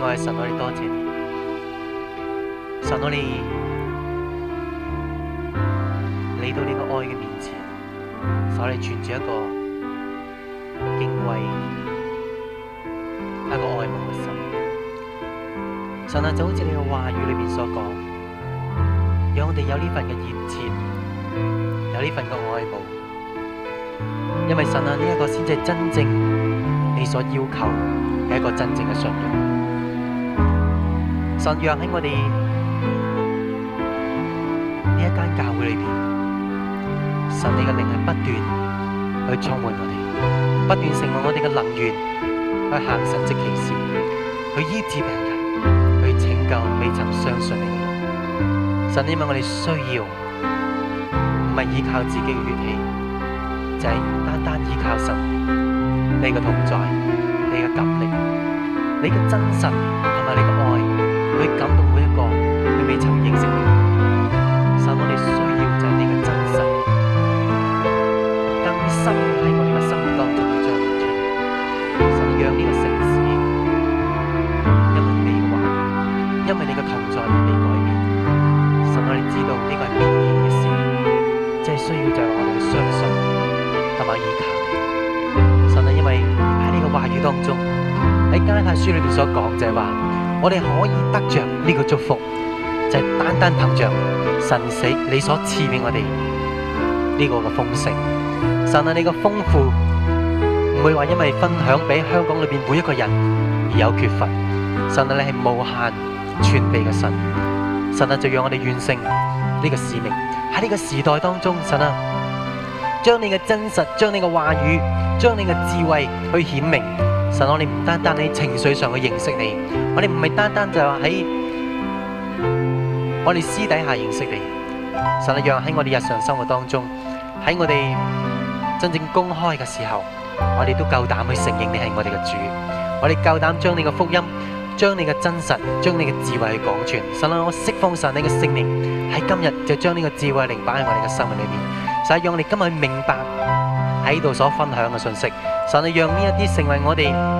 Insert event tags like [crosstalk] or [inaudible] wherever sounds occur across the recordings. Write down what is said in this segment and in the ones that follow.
我愛神，我哋多謝你。神愛你，我哋嚟到呢個愛嘅面前，我哋存住一個敬畏、一個愛慕嘅心。神啊，就好似你嘅話語裏邊所講，讓我哋有呢份嘅熱切，有呢份嘅愛慕。因為神啊，呢一個先至係真正你所要求嘅一個真正嘅信仰。神讓喺我哋呢一間教會裏邊，神你嘅靈係不斷去充滿我哋，不斷成為我哋嘅能源，去行神蹟奇事，去醫治病人，去拯救未曾相信你嘅人。神因為我哋需要，唔係依靠自己嘅血氣，就係單單依靠神你嘅同在，你嘅感力，你嘅真實同埋你嘅愛。會感動每一個你未曾認識的人，神所你需要就係你嘅真實，更深喺我哋嘅心當中去彰顯出嚟。神讓呢個城市，因為你嘅話語，因為你嘅同在未改變，神啊你知道呢個係必然嘅事，即係需要就係我哋去相信，同埋依靠你。神啊，因為喺呢個話語當中，喺加拉太書裏邊所講就係話。我哋可以得着呢個祝福，就係、是、單單憑着神死你所賜俾我哋呢、這個嘅豐盛，神啊你嘅豐富唔會話因為分享俾香港裏面每一個人而有缺乏，神啊你係無限全備嘅神，神啊就讓我哋完成呢個使命喺呢個時代當中，神啊將你嘅真實、將你嘅話語、將你嘅智慧去顯明，神啊我哋唔單單喺情緒上去認識你。我哋唔係單單就話喺我哋私底下認識你，神啊，讓喺我哋日常生活當中，喺我哋真正公開嘅時候，我哋都夠膽去承認你係我哋嘅主，我哋夠膽將你嘅福音、將你嘅真實、將你嘅智慧去講傳。神啊，我釋放晒你嘅聖靈，喺今日就將呢個智慧靈擺喺我哋嘅生命裏面。神啊，讓你今日明白喺度所分享嘅信息。神啊，讓呢一啲成為我哋。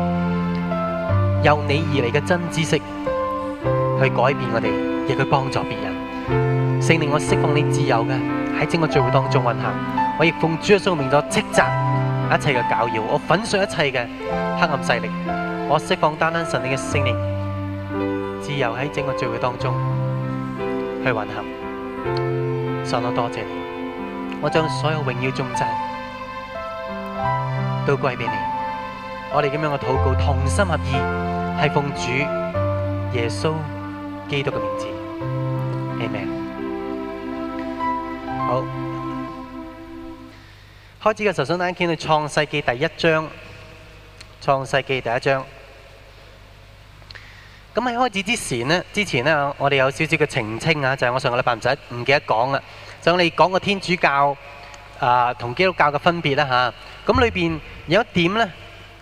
由你而嚟嘅真知識，去改變我哋，亦去幫助別人。聖靈，我釋放你自由嘅，喺整個聚會當中運行，我亦奉主嘅照明咗斥責一切嘅攪擾，我粉碎一切嘅黑暗勢力，我釋放單單神你嘅聖靈，自由喺整個聚會當中去運行。上恩多謝你，我將所有榮耀尊職都歸俾你。我哋咁樣嘅禱告，同心合意，係奉主耶穌基督嘅名字，Amen。好，開始嘅時候，想大家見到創世記第一章，創世記第一章。咁喺開始之前咧，之前咧，我哋有少少嘅澄清啊，就係我上個禮拜唔使唔記得講啊，就我哋講個天主教啊同基督教嘅分別啦吓。咁裏邊有一點咧。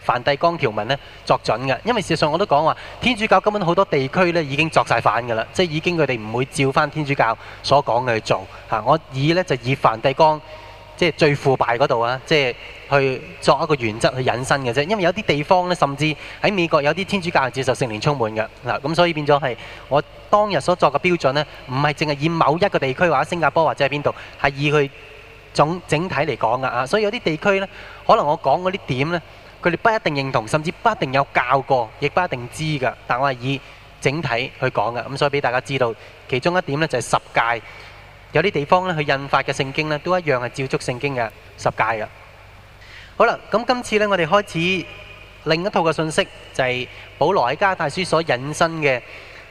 梵蒂岡條文呢，作準嘅，因為事實上我都講話，天主教根本好多地區呢已經作晒反嘅啦，即係已經佢哋唔會照翻天主教所講嘅去做嚇。我以呢就以梵蒂岡，即係最腐敗嗰度啊，即係去作一個原則去引申嘅啫。因為有啲地方呢，甚至喺美國有啲天主教係接受聖靈充滿嘅嗱，咁所以變咗係我當日所作嘅標準呢，唔係淨係以某一個地區或者新加坡或者喺邊度係以佢總整體嚟講噶啊。所以有啲地區呢，可能我講嗰啲點呢。佢哋不一定認同，甚至不一定有教過，亦不一定知㗎。但係我係以整體去講㗎，咁所以俾大家知道其中一點呢，就係十誡有啲地方呢，佢印發嘅聖經呢，都一樣係照足聖經嘅十誡㗎。好啦，咁今次呢，我哋開始另一套嘅信息，就係保羅喺加拉太書所引申嘅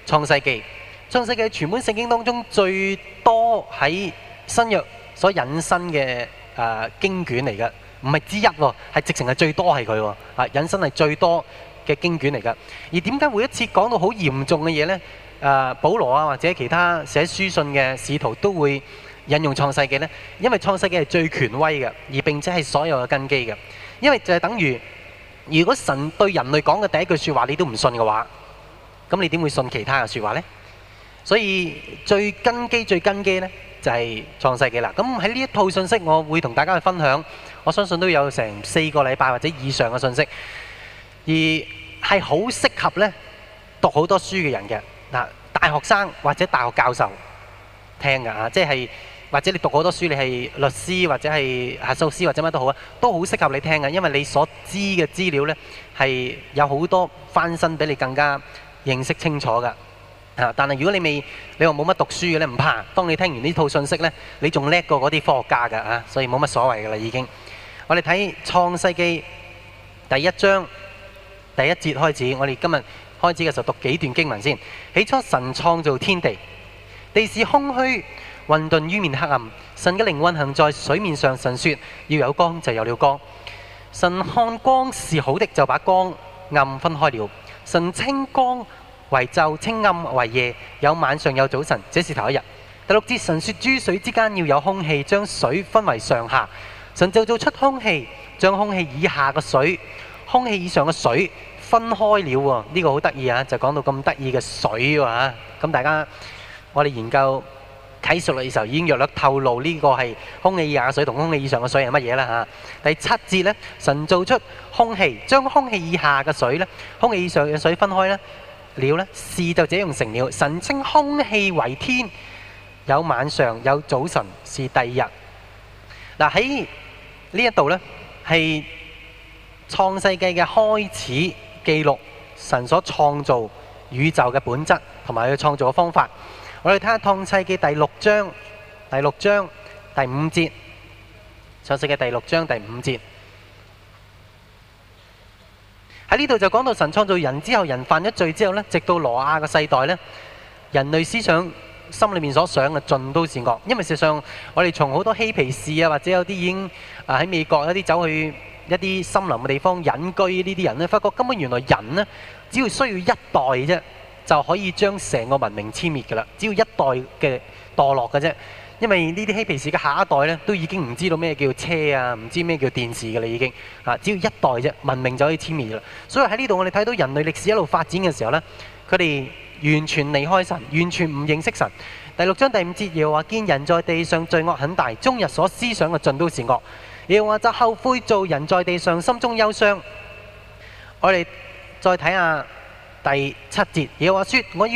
創世記。創世記全本聖經當中最多喺新約所引申嘅誒經卷嚟嘅。唔係之一喎，係直情係最多係佢喎，啊引申係最多嘅經卷嚟噶。而點解每一次講到好嚴重嘅嘢呢？誒、呃，保羅啊，或者其他寫書信嘅使徒都會引用創世記呢？因為創世記係最權威嘅，而並且係所有嘅根基嘅。因為就係等於，如果神對人類講嘅第一句説話你都唔信嘅話，咁你點會信其他嘅説話呢？所以最根基、最根基呢，就係創世記啦。咁喺呢一套信息，我會同大家去分享。我相信都有成四個禮拜或者以上嘅信息，而係好適合呢讀好多書嘅人嘅嗱，大學生或者大學教授聽嘅啊，即係或者你讀好多書，你係律師或者係法師或者乜都好啊，都好適合你聽嘅，因為你所知嘅資料呢係有好多翻身俾你更加認識清楚噶啊！但係如果你未，你話冇乜讀書嘅咧，唔怕，當你聽完呢套信息呢，你仲叻過嗰啲科學家㗎啊！所以冇乜所謂㗎啦，已經。我哋睇《創世記》第一章第一節開始，我哋今日開始嘅時候讀幾段經文先。起初神創造天地，地是空虛混沌，於面黑暗。神嘅靈運行在水面上，神說：要有光，就有了光。神看光是好的，就把光暗分開了。神稱光為晝，稱暗為夜，有晚上，有早晨，這是頭一日。第六節，神說：諸水之間要有空氣，將水分為上下。神就造出空氣，將空氣以下嘅水、空氣以上嘅水分開了喎。呢個好得意啊！就講到咁得意嘅水喎嚇。咁大家，我哋研究啟述嘅時候已經略略透露呢個係空氣以下嘅水同空氣以上嘅水係乜嘢啦嚇。第七節咧，神造出空氣，將空氣以下嘅水咧，空氣以上嘅水分開咧，了咧，事就這樣成了。神稱空氣為天，有晚上，有早晨，是第二日。嗱喺這呢一度呢係創世記嘅開始，記錄神所創造宇宙嘅本質同埋佢創造嘅方法。我哋睇下創世記第六章第六章，第五節，創世記第六章第五節喺呢度就講到神創造人之後，人犯咗罪之後呢，直到羅亞嘅世代呢，人類思想心裏面所想嘅盡都是惡。因為事實上，我哋從好多嬉皮士，啊，或者有啲已經。喺美國一啲走去一啲森林嘅地方隱居呢啲人呢，發覺根本原來人呢，只要需要一代啫，就可以將成個文明殲滅噶啦。只要一代嘅墮落嘅啫，因為呢啲嬉皮士嘅下一代呢，都已經唔知道咩叫車啊，唔知咩叫電視嘅啦，已經啊，只要一代啫，文明就可以殲滅啦。所以喺呢度我哋睇到人類歷史一路發展嘅時候呢，佢哋完全離開神，完全唔認識神。第六章第五節又話：見人在地上罪惡很大，終日所思想嘅盡都是惡。耶和華就後悔做人在地上，心中憂傷。我哋再睇下第七節，耶和華說，我要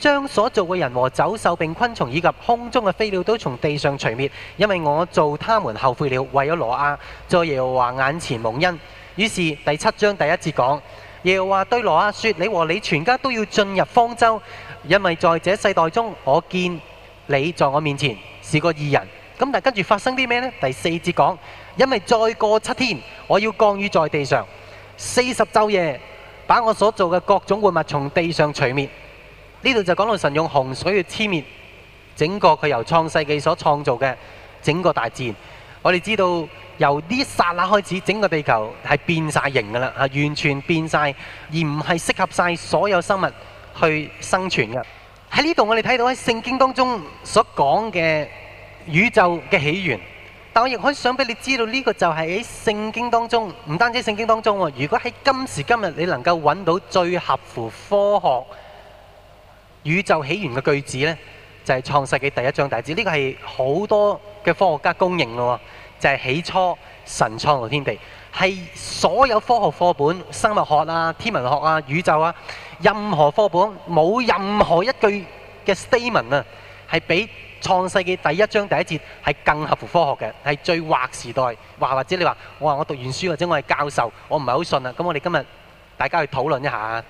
將所做嘅人和走獸並昆蟲以及空中嘅飛鳥都從地上除滅，因為我做他們後悔了，為咗挪亞在耶和華眼前蒙恩。於是第七章第一節講，耶和華對挪亞說，你和你全家都要進入方舟，因為在這世代中，我見你在我面前是個義人。咁但跟住發生啲咩呢？第四節講，因為再過七天，我要降雨在地上，四十晝夜，把我所做嘅各種活物從地上除滅。呢度就講到神用洪水去殲滅整個佢由創世記所創造嘅整個大自然。我哋知道由呢一剎那開始，整個地球係變晒形㗎喇，完全變晒，而唔係適合晒所有生物去生存嘅。喺呢度我哋睇到喺聖經當中所講嘅。宇宙嘅起源，但我亦可以想俾你知道，呢個就係喺聖經當中，唔單止聖經當中，如果喺今時今日你能夠揾到最合乎科學宇宙起源嘅句子咧，就係創世記第一章第一節。呢個係好多嘅科學家公認咯，就係起初神創造天地，係所有科學課本、生物學啊、天文學啊、宇宙啊，任何課本冇任何一句嘅 statement 啊，係俾。創世記第一章第一節係更合乎科學嘅，係最劃時代。或或者你話我話我讀完書或者我係教授，我唔係好信啦。咁我哋今日大家去討論一下。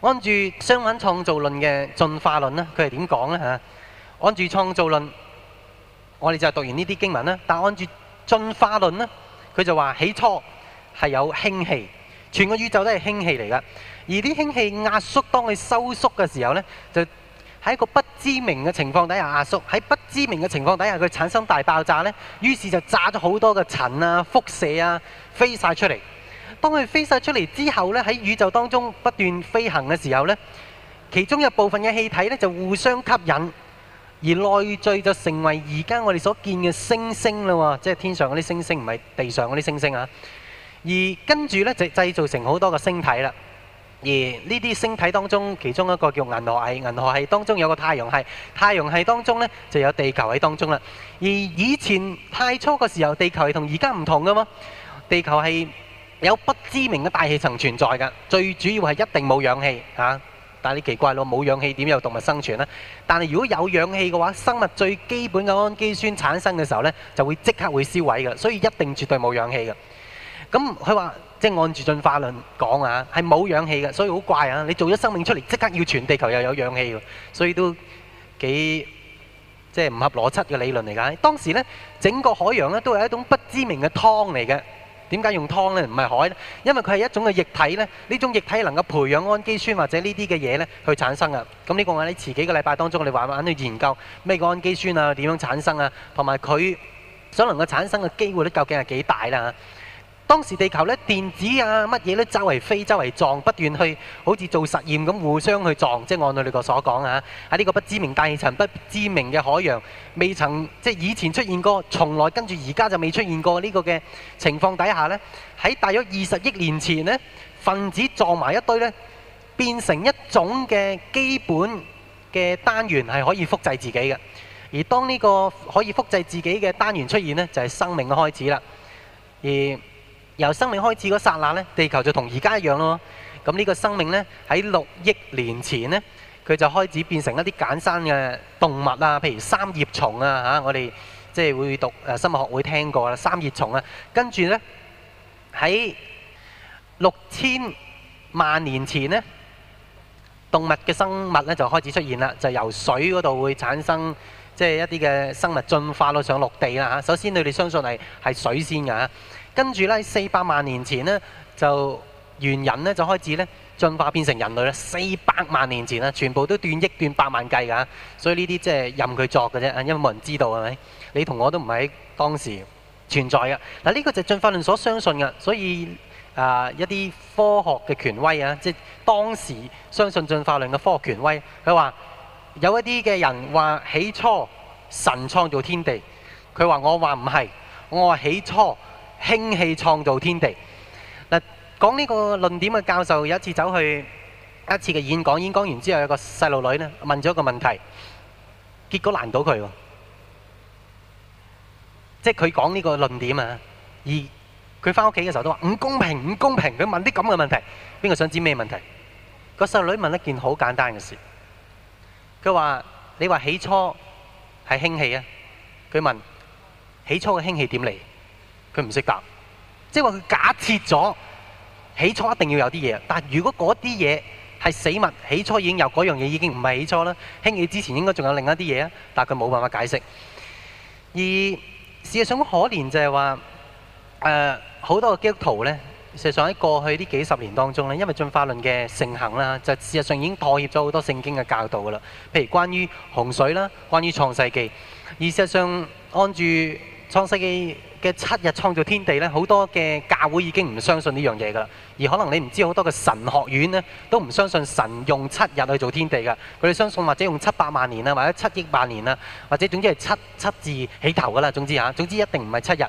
按住《商版創造論》嘅進化論是怎樣呢？佢係點講呢？嚇？按住創造論，我哋就係讀完呢啲經文啦。但按住進化論呢，佢就話起初係有氫氣，全個宇宙都係氫氣嚟噶。而啲氫氣壓縮，當佢收縮嘅時候呢，就喺一個不知名嘅情況底下，阿叔喺不知名嘅情況底下，佢產生大爆炸呢，於是就炸咗好多嘅塵啊、輻射啊飛晒出嚟。當佢飛晒出嚟之後呢，喺宇宙當中不斷飛行嘅時候呢，其中有部分嘅氣體呢就互相吸引，而內聚就成為而家我哋所見嘅星星啦喎，即係天上嗰啲星星，唔係地上嗰啲星星啊。而跟住呢，就製造成好多嘅星體啦。而呢啲星體當中，其中一個叫銀河系，銀河系當中有個太陽系，太陽系當中呢就有地球喺當中啦。而以前太初嘅時候，地球係同而家唔同㗎嘛，地球係有不知名嘅大氣層存在嘅，最主要係一定冇氧氣嚇。但係你奇怪咯，冇氧氣點有動物生存呢？但係如果有氧氣嘅話，生物最基本嘅氨基酸產生嘅時候呢，就會即刻會燒毀嘅，所以一定絕對冇氧氣嘅。咁佢話。即係按住進化論講啊，係冇氧氣嘅，所以好怪啊！你做咗生命出嚟，即刻要全地球又有氧氣喎，所以都幾即係唔合邏輯嘅理論嚟㗎。當時咧，整個海洋咧都係一種不知名嘅湯嚟嘅。點解用湯咧？唔係海咧，因為佢係一種嘅液體咧。呢種液體能夠培養氨基酸或者呢啲嘅嘢咧去產生啊。咁呢個話，你遲幾個禮拜當中，你慢慢去研究咩個氨基酸啊，點樣產生啊，同埋佢所能夠產生嘅機會咧，究竟係幾大啦嚇？當時地球咧，電子啊，乜嘢咧，周圍飛，周圍撞，不斷去好似做實驗咁互相去撞，即係按我你個所講啊，喺呢個不知名大氣層、不知名嘅海洋，未曾即係以前出現過，從來跟住而家就未出現過呢個嘅情況底下呢，喺大約二十億年前呢，分子撞埋一堆呢，變成一種嘅基本嘅單元係可以複製自己嘅，而當呢個可以複製自己嘅單元出現呢，就係生命嘅開始啦，而。由生命開始嗰剎那咧，地球就同而家一樣咯。咁呢個生命咧，喺六億年前咧，佢就開始變成一啲簡單嘅動物啦，譬如三葉蟲啊嚇，我哋即係會讀誒生物學會聽過啦，三葉蟲啊。跟住咧，喺六千萬年前咧，動物嘅生物咧就開始出現啦，就由水嗰度會產生，即係一啲嘅生物進化到上陸地啦嚇。首先，你哋相信係係水先嘅嚇。跟住呢，四百萬年前呢，就猿人呢，就開始呢，進化變成人類喇。四百萬年前啊，全部都斷億斷百萬計㗎、啊，所以呢啲即係任佢作嘅啫，因為冇人知道係咪？你同我都唔係當時存在嘅嗱，呢個就進化論所相信嘅，所以啊、呃，一啲科學嘅權威啊，即係當時相信進化論嘅科學權威，佢話有一啲嘅人話起初神創造天地，佢話我話唔係，我話起初。氫氣創造天地嗱。講呢個論點嘅教授有一次走去一次嘅演講，演講完之後有個細路女呢，問咗個問題，結果難到佢，即係佢講呢個論點啊，而佢翻屋企嘅時候都話唔公平，唔公平，佢問啲咁嘅問題，邊個想知咩問題？個細路女問一件好簡單嘅事，佢話你話起初係氫氣啊，佢問起初嘅氫氣點嚟？佢唔識答，即係話佢假設咗起初一定要有啲嘢，但係如果嗰啲嘢係死物，起初已經有嗰樣嘢已經唔係起初啦。興起之前應該仲有另一啲嘢啊，但係佢冇辦法解釋。而事實上可憐就係話誒好多嘅基督徒呢，事實上喺過去呢幾十年當中呢，因為進化論嘅盛行啦，就事實上已經妥協咗好多聖經嘅教導噶啦。譬如關於洪水啦，關於創世記，而事實上按住創世記。嘅七日創造天地呢，好多嘅教會已經唔相信呢樣嘢噶啦。而可能你唔知好多嘅神學院呢，都唔相信神用七日去做天地噶。佢哋相信或者用七百萬年啊，或者七億萬年啊，或者總之係七七字起頭噶啦。總之嚇，總之一定唔係七日。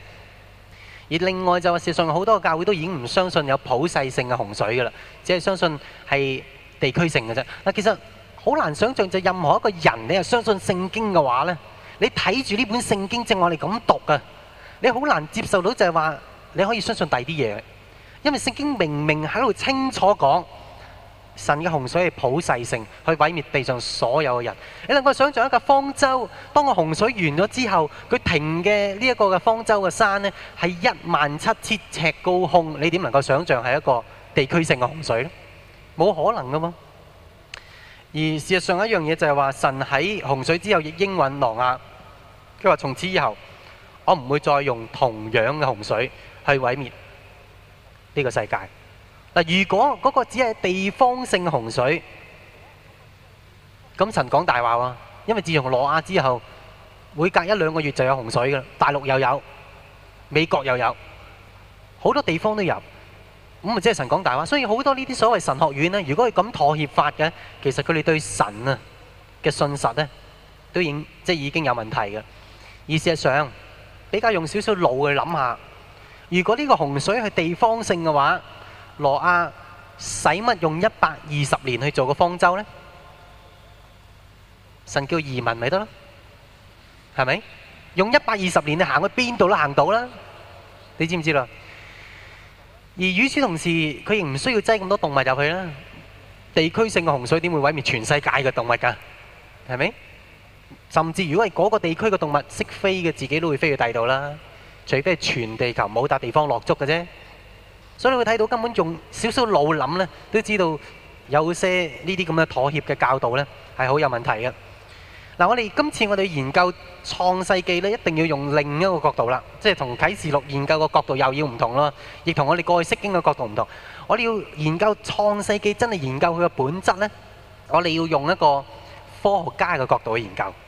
而另外就話事實上好多嘅教會都已經唔相信有普世性嘅洪水噶啦，只係相信係地區性嘅啫。嗱，其實好難想像就任何一個人你係相信聖經嘅話呢，你睇住呢本聖經正我哋咁讀噶。你好難接受到就係話你可以相信第二啲嘢，因為聖經明明喺度清楚講神嘅洪水係普世性去毀滅地上所有嘅人。你能夠想象一個方舟，當個洪水完咗之後，佢停嘅呢一個嘅方舟嘅山呢，係一萬七千尺高空，你點能夠想象係一個地區性嘅洪水呢？冇可能㗎嘛。而事實上一樣嘢就係話神喺洪水之後亦應允挪亞，佢話從此以後。我唔會再用同樣嘅洪水去毀滅呢個世界嗱。如果嗰個只係地方性洪水，咁神講大話喎。因為自從挪亞之後，每隔一兩個月就有洪水㗎啦，大陸又有，美國又有，好多地方都有。咁啊，即係神講大話。所以好多呢啲所謂神學院咧，如果係咁妥協法嘅，其實佢哋對神啊嘅信實咧都已即係已經有問題嘅。而事實上，比較用少少腦去諗下，如果呢個洪水係地方性嘅話，挪亞使乜用一百二十年去做個方舟呢？神叫移民咪得咯？係咪？用一百二十年你行去邊度都行到啦。你知唔知啦？而與此同時，佢亦唔需要擠咁多動物入去啦。地區性嘅洪水點會毀滅全世界嘅動物㗎？係咪？甚至如果係嗰個地區嘅動物識飛嘅，自己都會飛去第度啦。除非係全地球冇笪地方落足嘅啫。所以你會睇到根本用少少腦諗呢，都知道有些呢啲咁嘅妥協嘅教導呢係好有問題嘅。嗱，我哋今次我哋研究創世記呢，一定要用另一個角度啦，即係同啟示錄研究個角度又要唔同咯，亦同我哋過去釋經嘅角度唔同。我哋要研究創世記，真係研究佢嘅本質呢，我哋要用一個科學家嘅角度去研究。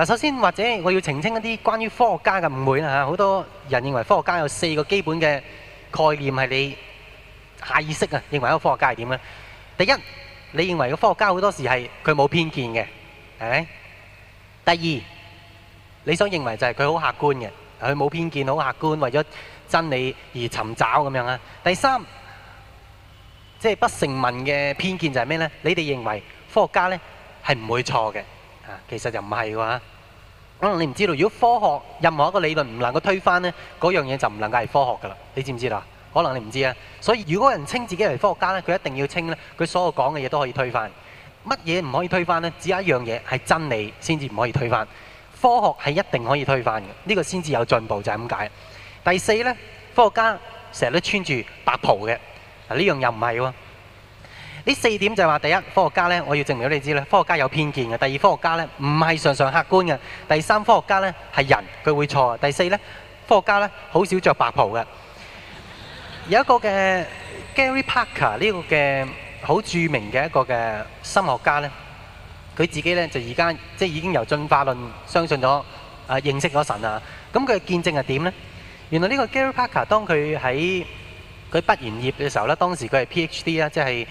嗱，首先或者我要澄清一啲關於科學家嘅誤會啦嚇，好多人認為科學家有四個基本嘅概念係你下意識啊，認為一個科學家係點咧？第一，你認為個科學家好多時係佢冇偏見嘅，係咪？第二，你想認為就係佢好客觀嘅，佢冇偏見，好客觀，為咗真理而尋找咁樣啊？第三，即係不成文嘅偏見就係咩咧？你哋認為科學家咧係唔會錯嘅。其實就唔係喎，可能你唔知道。如果科學任何一個理論唔能夠推翻呢，嗰樣嘢就唔能夠係、就是、科學噶啦。你知唔知啦？可能你唔知啊。所以如果人稱自己為科學家呢，佢一定要稱呢，佢所有講嘅嘢都可以推翻。乜嘢唔可以推翻呢？只有一樣嘢係真理先至唔可以推翻。科學係一定可以推翻嘅，呢、這個先至有進步就係咁解。第四呢，科學家成日都穿住白袍嘅，呢樣又唔係喎。呢四點就係話：第一，科學家呢，我要證明俾你知呢，科學家有偏見嘅；第二，科學家呢，唔係常常客觀嘅；第三，科學家呢，係人，佢會錯；第四呢，科學家呢，好少着白袍嘅。有一個嘅 Gary Parker 呢個嘅好著名嘅一個嘅心學家呢，佢自己呢，就而家即係已經由進化論相信咗啊、呃，認識咗神啊。咁佢嘅見證係點呢？原來呢個 Gary Parker 當佢喺佢畢完業嘅時候呢，當時佢係 PhD 啦，即係。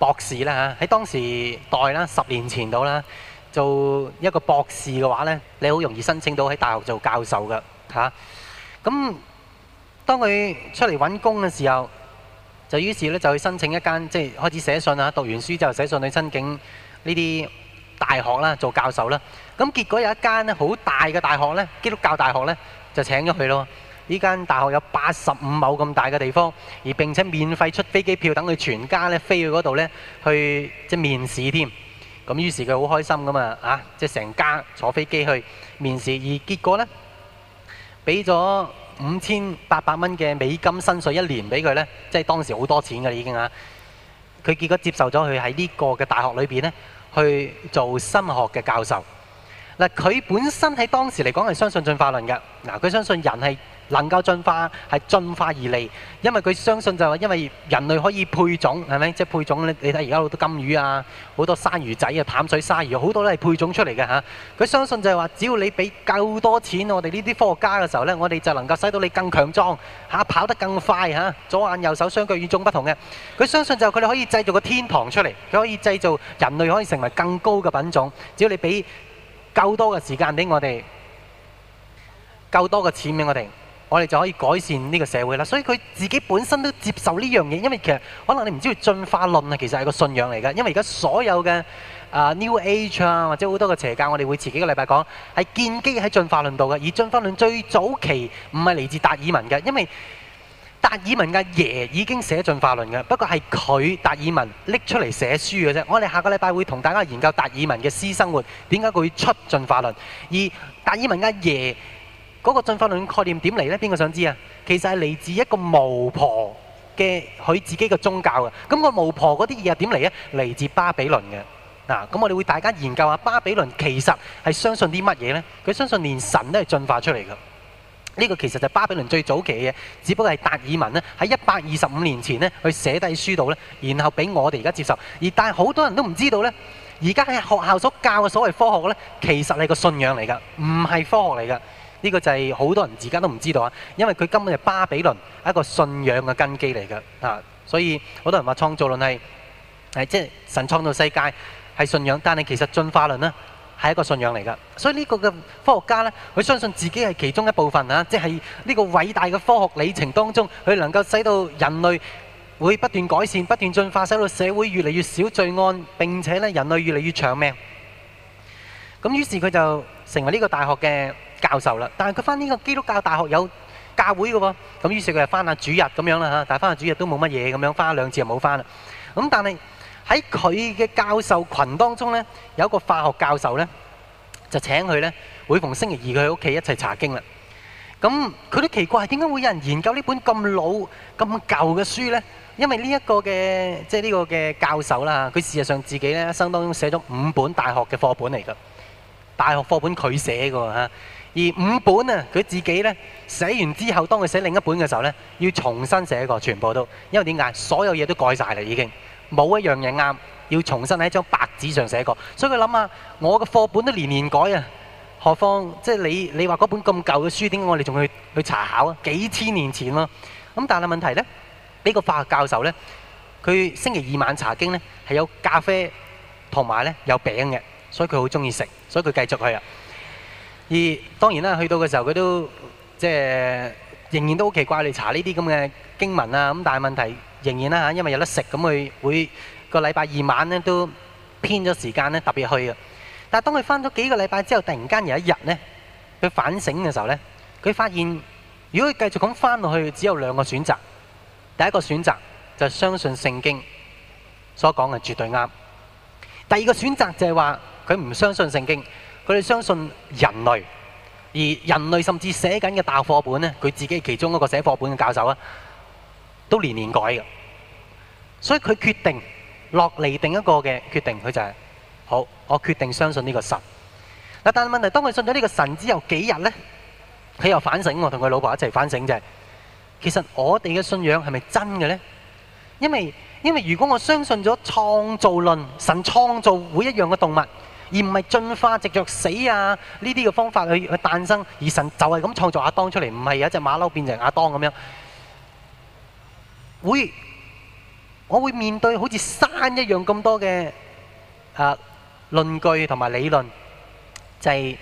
博士啦嚇，喺當時代啦，十年前度啦，做一個博士嘅話咧，你好容易申請到喺大學做教授㗎嚇。咁當佢出嚟揾工嘅時候，就於是咧就去申請一間即係開始寫信啊，讀完書之後寫信去申請呢啲大學啦，做教授啦。咁結果有一間咧好大嘅大學咧，基督教大學咧，就請咗佢咯。呢間大學有八十五畝咁大嘅地方，而並且免費出飛機票，等佢全家咧飛去嗰度咧去即係面試添。咁於是佢好開心噶嘛啊！即係成家坐飛機去面試，而結果咧俾咗五千八百蚊嘅美金薪水一年俾佢咧，即係當時好多錢噶已經啊。佢結果接受咗佢喺呢個嘅大學裏邊咧去做心學嘅教授。嗱，佢本身喺當時嚟講係相信進化論嘅，嗱佢相信人係能夠進化係進化而嚟，因為佢相信就係話因為人類可以配種，係咪？即係配種咧？你睇而家好多金魚啊，好多鯊魚仔啊，淡水鯊魚好多都係配種出嚟嘅嚇。佢相信就係話，只要你俾夠多錢，我哋呢啲科學家嘅時候咧，我哋就能夠使到你更強壯嚇、啊，跑得更快嚇、啊，左眼右手雙腳與眾不同嘅。佢相信就係佢哋可以製造個天堂出嚟，佢可以製造人類可以成為更高嘅品種。只要你俾夠多嘅時間俾我哋，夠多嘅錢俾我哋。我哋就可以改善呢個社會啦，所以佢自己本身都接受呢樣嘢，因為其實可能你唔知道進化論啊，其實係個信仰嚟㗎。因為而家所有嘅、呃、New Age 啊或者好多嘅邪教，我哋會遲幾個禮拜講，係建基喺進化論度嘅。而進化論最早期唔係嚟自達爾文嘅，因為達爾文嘅爺已經寫進化論嘅，不過係佢達爾文拎出嚟寫書嘅啫。我哋下個禮拜會同大家研究達爾文嘅私生活，點解佢會出進化論？而達爾文嘅爺。嗰個進化論概念點嚟呢？邊個想知啊？其實係嚟自一個巫婆嘅佢自己嘅宗教嘅。咁個巫婆嗰啲嘢點嚟呢？嚟自巴比倫嘅嗱。咁我哋會大家研究下巴比倫其實係相信啲乜嘢呢？佢相信連神都係進化出嚟㗎。呢個其實就係巴比倫最早期嘅，只不過係達爾文呢，喺一百二十五年前呢，去寫低書度呢，然後俾我哋而家接受。而但係好多人都唔知道呢，而家喺學校所教嘅所謂科學呢，其實係個信仰嚟㗎，唔係科學嚟㗎。呢個就係好多人而家都唔知道啊！因為佢根本係巴比倫係一個信仰嘅根基嚟㗎，啊！所以好多人話創造論係係即係神創造世界係信仰，但係其實進化論呢係一個信仰嚟㗎。所以呢個嘅科學家呢，佢相信自己係其中一部分啊，即係呢個偉大嘅科學里程當中，佢能夠使到人類會不斷改善、不斷進化，使到社會越嚟越少罪案，並且呢人類越嚟越長命。咁於是佢就成為呢個大學嘅教授啦，但係佢返呢個基督教大學有教會嘅喎，咁於是佢又返下主日咁樣啦嚇，但係返下主日都冇乜嘢咁樣，返兩次又冇返啦。咁但係喺佢嘅教授群當中咧，有一個化學教授咧，就請佢咧每逢星期二佢喺屋企一齊查經啦。咁佢都奇怪點解會有人研究呢本咁老咁舊嘅書咧？因為呢一個嘅即係呢個嘅教授啦，佢事實上自己咧一生當中寫咗五本大學嘅課本嚟㗎，大學課本佢寫嘅嚇。而五本啊，佢自己呢，寫完之後，當佢寫另一本嘅時候呢，要重新寫過，全部都，因為點解？所有嘢都改晒啦，已經冇一樣嘢啱，要重新喺張白紙上寫過。所以佢諗啊，我嘅課本都年年改啊，何況即係你你話嗰本咁舊嘅書，點解我哋仲去去查考啊？幾千年前喎，咁但係問題呢，呢、呢個化學教授呢，佢星期二晚查經呢，係有咖啡同埋呢，有餅嘅，所以佢好中意食，所以佢繼續去啊。而當然啦，去到嘅時候佢都即係仍然都好奇怪你查呢啲咁嘅經文啊！咁但係問題仍然啦嚇，因為有得食咁佢，會個禮拜二晚咧都編咗時間咧特別去啊！但係當佢翻咗幾個禮拜之後，突然間有一日咧，佢反省嘅時候咧，佢發現如果佢繼續咁翻落去，只有兩個選擇：第一個選擇就係相信聖經所講嘅絕對啱；第二個選擇就係話佢唔相信聖經。佢哋相信人類，而人類甚至寫緊嘅大課本呢，佢自己其中一個寫課本嘅教授啊，都年年改嘅。所以佢決定落嚟定一個嘅決定，佢就係，好，我決定相信呢個神。但係問題當佢信咗呢個神之後幾日呢，佢又反省我同佢老婆一齊反省就係，其實我哋嘅信仰係咪真嘅呢？因為因為如果我相信咗創造論，神創造每一樣嘅動物。而唔係進化藉著死啊呢啲嘅方法去去誕生，而神就係咁創造亞當出嚟，唔係有一隻馬騮變成亞當咁樣。會，我會面對好似山一樣咁多嘅啊論據同埋理論，就係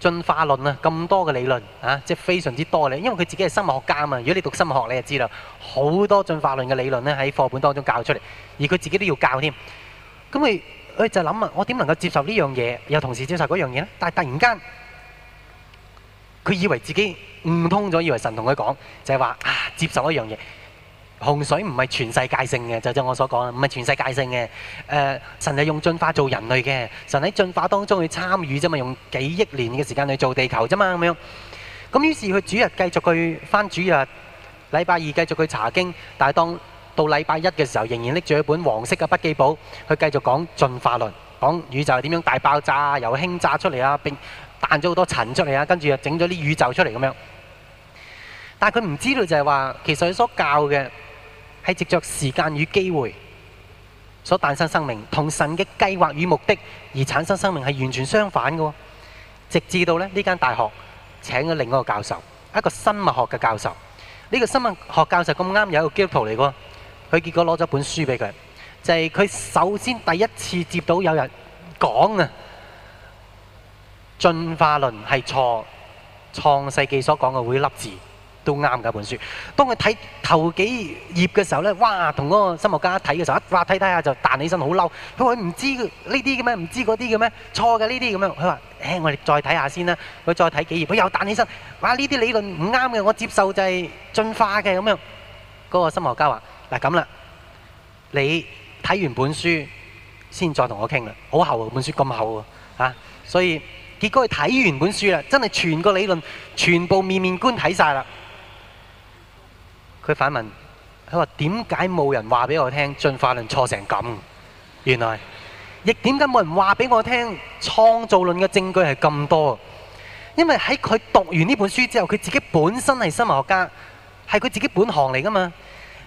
進化論啊咁多嘅理論啊，即係非常之多咧。因為佢自己係生物學家啊嘛，如果你讀生物學，你就知啦，好多進化論嘅理論咧喺課本當中教出嚟，而佢自己都要教添，咁佢。佢就諗啊，我點能夠接受呢樣嘢，又同時接受嗰樣嘢咧？但係突然間，佢以為自己悟通咗，以為神同佢講就係、是、話啊，接受一樣嘢。洪水唔係全世界性嘅，就正如我所講，唔係全世界性嘅。誒、呃，神係用進化做人類嘅，神喺進化當中去參與啫嘛，用幾億年嘅時間去做地球啫嘛，咁樣。咁於是佢主日繼續去返主日，禮拜二繼續去查經，但係當到禮拜一嘅時候，仍然拎住一本黃色嘅筆記簿，佢繼續講進化論，講宇宙係點樣大爆炸啊，由氫炸出嚟啊，並彈咗好多塵出嚟啊，跟住又整咗啲宇宙出嚟咁樣。但係佢唔知道就係話，其實佢所教嘅係藉着時間與機會所誕生生命，同神嘅計劃與目的而產生生命係完全相反嘅。直至到咧呢呢間大學請咗另一個教授，一個生物學嘅教授。呢、呢個生物學教授咁啱有一個基督徒嚟嘅。佢結果攞咗本書俾佢，就係、是、佢首先第一次接到有人講啊，進化論係錯，創世記所講嘅每粒字都啱嘅本書。當佢睇頭幾頁嘅時候咧，哇，同嗰個心學家睇嘅時候，哇，睇睇下就彈起身好嬲。佢話唔知呢啲嘅咩，唔知嗰啲嘅咩，錯嘅呢啲咁樣。佢話誒，我哋再睇下先啦。佢再睇幾頁，佢又彈起身。哇，呢啲理論唔啱嘅，我接受就係進化嘅咁樣。嗰、那個心學家話。嗱咁啦，你睇完本書先再同我傾啦。好厚喎、啊、本書咁厚喎、啊，啊！所以結果佢睇完本書啦，真係全個理論全部面面觀睇晒啦。佢反問，佢話點解冇人話俾我聽進化論錯成咁？原來亦點解冇人話俾我聽創造論嘅證據係咁多？因為喺佢讀完呢本書之後，佢自己本身係生物學家，係佢自己本行嚟噶嘛。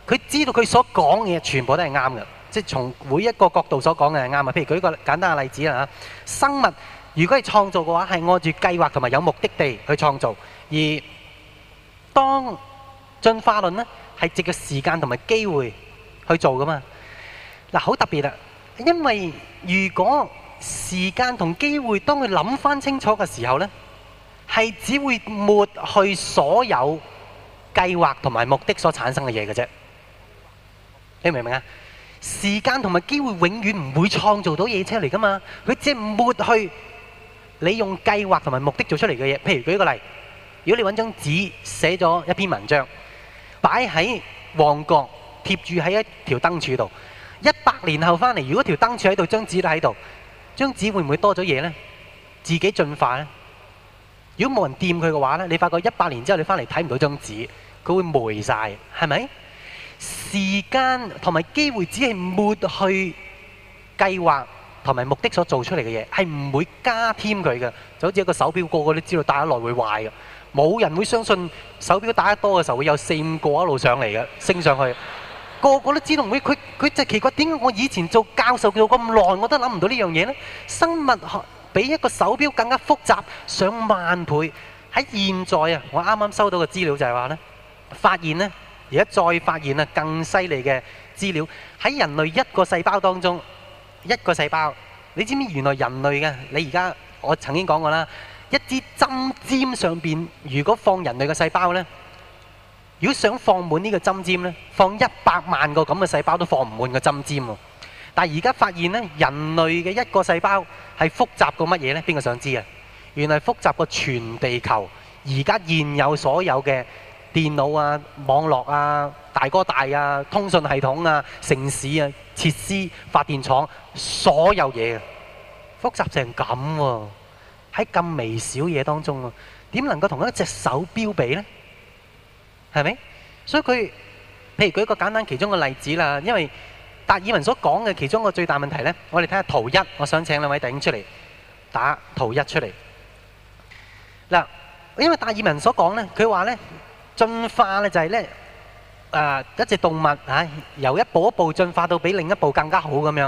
佢知道佢所講嘅嘢全部都係啱嘅，即係從每一個角度所講嘅係啱啊！譬如舉一個簡單嘅例子啦嚇，生物如果係創造嘅話，係按住計劃同埋有目的地去創造；而當進化論咧，係藉住時間同埋機會去做㗎嘛。嗱，好特別啦，因為如果時間同機會當佢諗返清楚嘅時候咧，係只會抹去所有計劃同埋目的所產生嘅嘢嘅啫。你明唔明啊？時間同埋機會永遠唔會創造到嘢出嚟㗎嘛？佢只係抹去你用計劃同埋目的做出嚟嘅嘢。譬如舉個例，如果你揾張紙寫咗一篇文章，擺喺旺角貼住喺一條燈柱度，一百年後翻嚟，如果條燈柱喺度，張紙都喺度，張紙會唔會多咗嘢呢？自己進化呢？如果冇人掂佢嘅話呢，你發覺一百年之後你翻嚟睇唔到張紙，佢會霉晒，係咪？時間同埋機會只係抹去計劃同埋目的所做出嚟嘅嘢，係唔會加添佢嘅。就好似一個手錶，個個都知道戴得耐會壞嘅，冇人會相信手錶戴得多嘅時候會有四五個一路上嚟嘅升上去。個個都知道，同埋佢佢就奇怪點解我以前做教授做咁耐，我都諗唔到呢樣嘢呢。生物學比一個手錶更加複雜上萬倍。喺現在啊，我啱啱收到嘅資料就係話呢，發現呢。而家再發現啊，更犀利嘅資料喺人類一個細胞當中，一個細胞，你知唔知原來人類嘅？你而家我曾經講過啦，一支針尖上邊，如果放人類嘅細胞呢？如果想放滿呢個針尖呢，放一百萬個咁嘅細胞都放唔滿個針尖喎。但係而家發現呢，人類嘅一個細胞係複雜過乜嘢呢？邊個想知啊？原來複雜過全地球，而家現有所有嘅。電腦啊、網絡啊、大哥大啊、通訊系統啊、城市啊、設施、發電廠，所有嘢，複雜成咁喎！喺咁微小嘢當中，點能夠同一隻手錶比咧？係咪？所以佢，譬如舉一個簡單其中嘅例子啦。因為達爾文所講嘅其中個最大問題咧，我哋睇下圖一，我想請兩位弟兄出嚟打圖一出嚟。嗱，因為達爾文所講咧，佢話咧。進化咧就係咧，誒一隻動物嚇由一步一步進化到比另一步更加好咁樣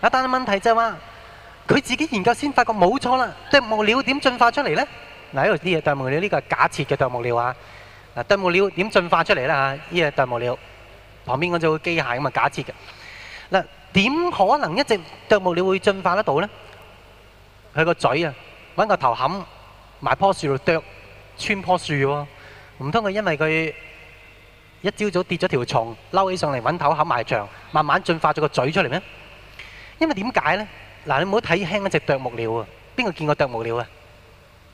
嚇。但係問題就係話，佢自己研究先發覺冇錯啦，啄木鳥點進化出嚟咧？嗱，呢度啲嘢啄木鳥呢個係假設嘅啄木鳥啊。嗱，啄木鳥點進化出嚟啦嚇？呢隻啄木鳥，旁邊嗰隻會機械咁啊，假設嘅。嗱，點可能一隻啄木鳥會進化得到咧？佢個嘴啊，搵個頭冚埋棵樹度啄穿棵樹喎。唔通佢因為佢一朝早跌咗條蟲，嬲起上嚟揾頭冚埋牆，慢慢進化咗個嘴出嚟咩？因為點解呢？嗱，你唔好睇輕一隻啄木鳥啊！邊個見過啄木鳥啊？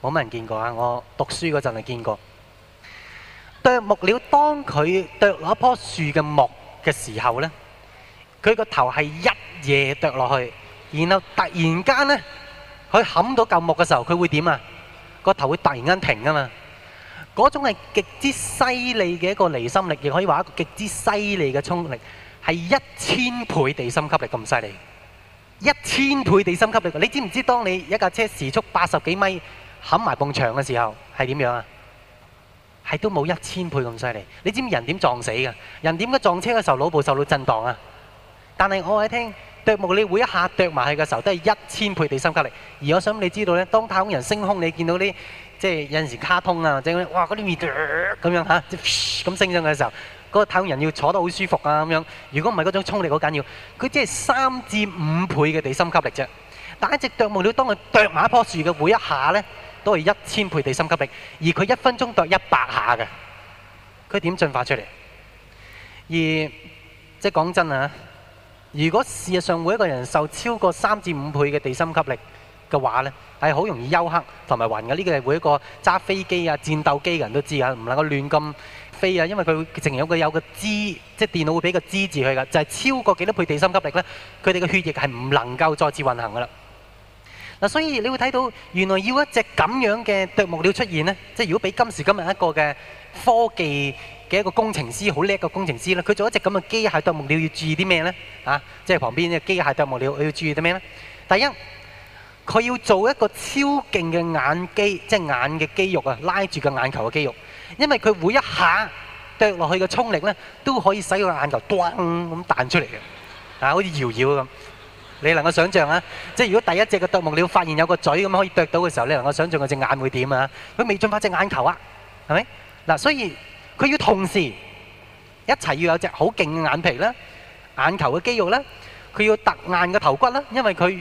冇乜人見過啊！我讀書嗰陣係見過啄木鳥。當佢啄落一棵樹嘅木嘅時候呢，佢個頭係一嘢啄落去，然後突然間呢，佢冚到舊木嘅時候，佢會點啊？個頭會突然間停啊嘛！嗰種係極之犀利嘅一個離心力，亦可以話一個極之犀利嘅衝力，係一千倍地心吸力咁犀利。一千倍地心吸力，你知唔知？當你一架車時速八十幾米，冚埋埲牆嘅時候係點樣啊？係都冇一千倍咁犀利。你知唔知人點撞死嘅？人點解撞車嘅時候腦部受到震盪啊？但係我喺聽，啄木鳥會一下啄埋去嘅時候都係一千倍地心吸力。而我想你知道呢，當太空人升空，你見到啲。即係有陣時卡通啊，即係哇嗰啲咪啄咁樣嚇，咁升上嘅時候，嗰個太空人要坐得好舒服啊咁樣。如果唔係嗰種衝力好緊要，佢只係三至五倍嘅地心吸力啫。但係一隻啄木鳥當佢啄埋一棵樹嘅每一下呢，都係一千倍地心吸力，而佢一分鐘啄一百下嘅，佢點進化出嚟？而即係講真啊，如果事實上每個人受超過三至五倍嘅地心吸力，嘅話咧，係好容易休克同埋暈嘅。呢個係每一個揸飛機啊、戰鬥機嘅人都知嘅。唔能夠亂咁飛啊，因為佢淨有個有個 G，即係電腦會俾個 G 字佢噶。就係、是、超過幾多倍地心吸力咧，佢哋嘅血液係唔能夠再次運行嘅啦。嗱，所以你會睇到原來要一隻咁樣嘅啄木鳥出現呢。即係如果俾今時今日一個嘅科技嘅一個工程師，好叻嘅工程師啦，佢做一隻咁嘅機械啄木鳥要注意啲咩呢？啊，即係旁邊嘅機械啄木鳥要注意啲咩呢？第一。佢要做一個超勁嘅眼肌，即係眼嘅肌肉啊，拉住個眼球嘅肌肉，因為佢每一下啄落去嘅衝力呢，都可以使個眼球噹咁彈出嚟嘅，啊，好似搖搖咁。你能夠想象啊，即係如果第一隻嘅啄木鳥發現有個嘴咁可以啄到嘅時候，你能夠想象嗰隻眼會點啊？佢未進化隻眼球啊，係咪？嗱，所以佢要同時一齊要有隻好勁嘅眼皮啦、眼球嘅肌肉啦，佢要突硬嘅頭骨啦，因為佢。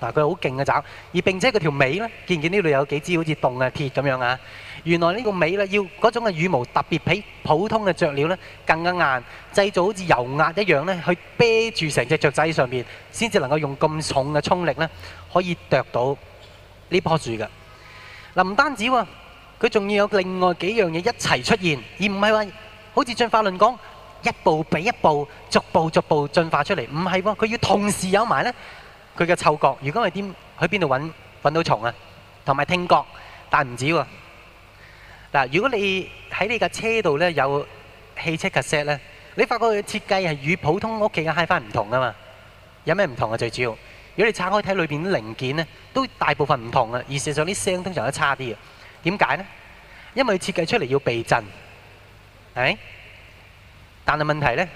嗱，佢好勁嘅爪，而並且佢條尾咧，見唔見呢度有幾支好似凍嘅鐵咁樣啊？原來呢個尾咧，要嗰種嘅羽毛特別比普通嘅雀鳥咧更加硬，製造好似油壓一樣咧，去啤住成隻雀仔上面，先至能夠用咁重嘅衝力咧，可以啄到呢樖樹嘅。嗱，唔單止喎，佢仲要有另外幾樣嘢一齊出現，而唔係話好似進化論講一步比一步，逐步逐步進化出嚟，唔係喎，佢要同時有埋咧。佢嘅嗅覺，如果係點？喺邊度揾揾到蟲啊？同埋聽覺，但唔止喎。嗱，如果你喺你架車度咧，有汽車 cassette 咧，你發覺佢設計係與普通屋企嘅 Hi-Fi 唔同噶嘛？有咩唔同啊？最主要，如果你拆開睇裏邊啲零件咧，都大部分唔同啊，而事實上啲聲通常都差啲嘅。點解咧？因為佢設計出嚟要避震。誒，但係問題咧？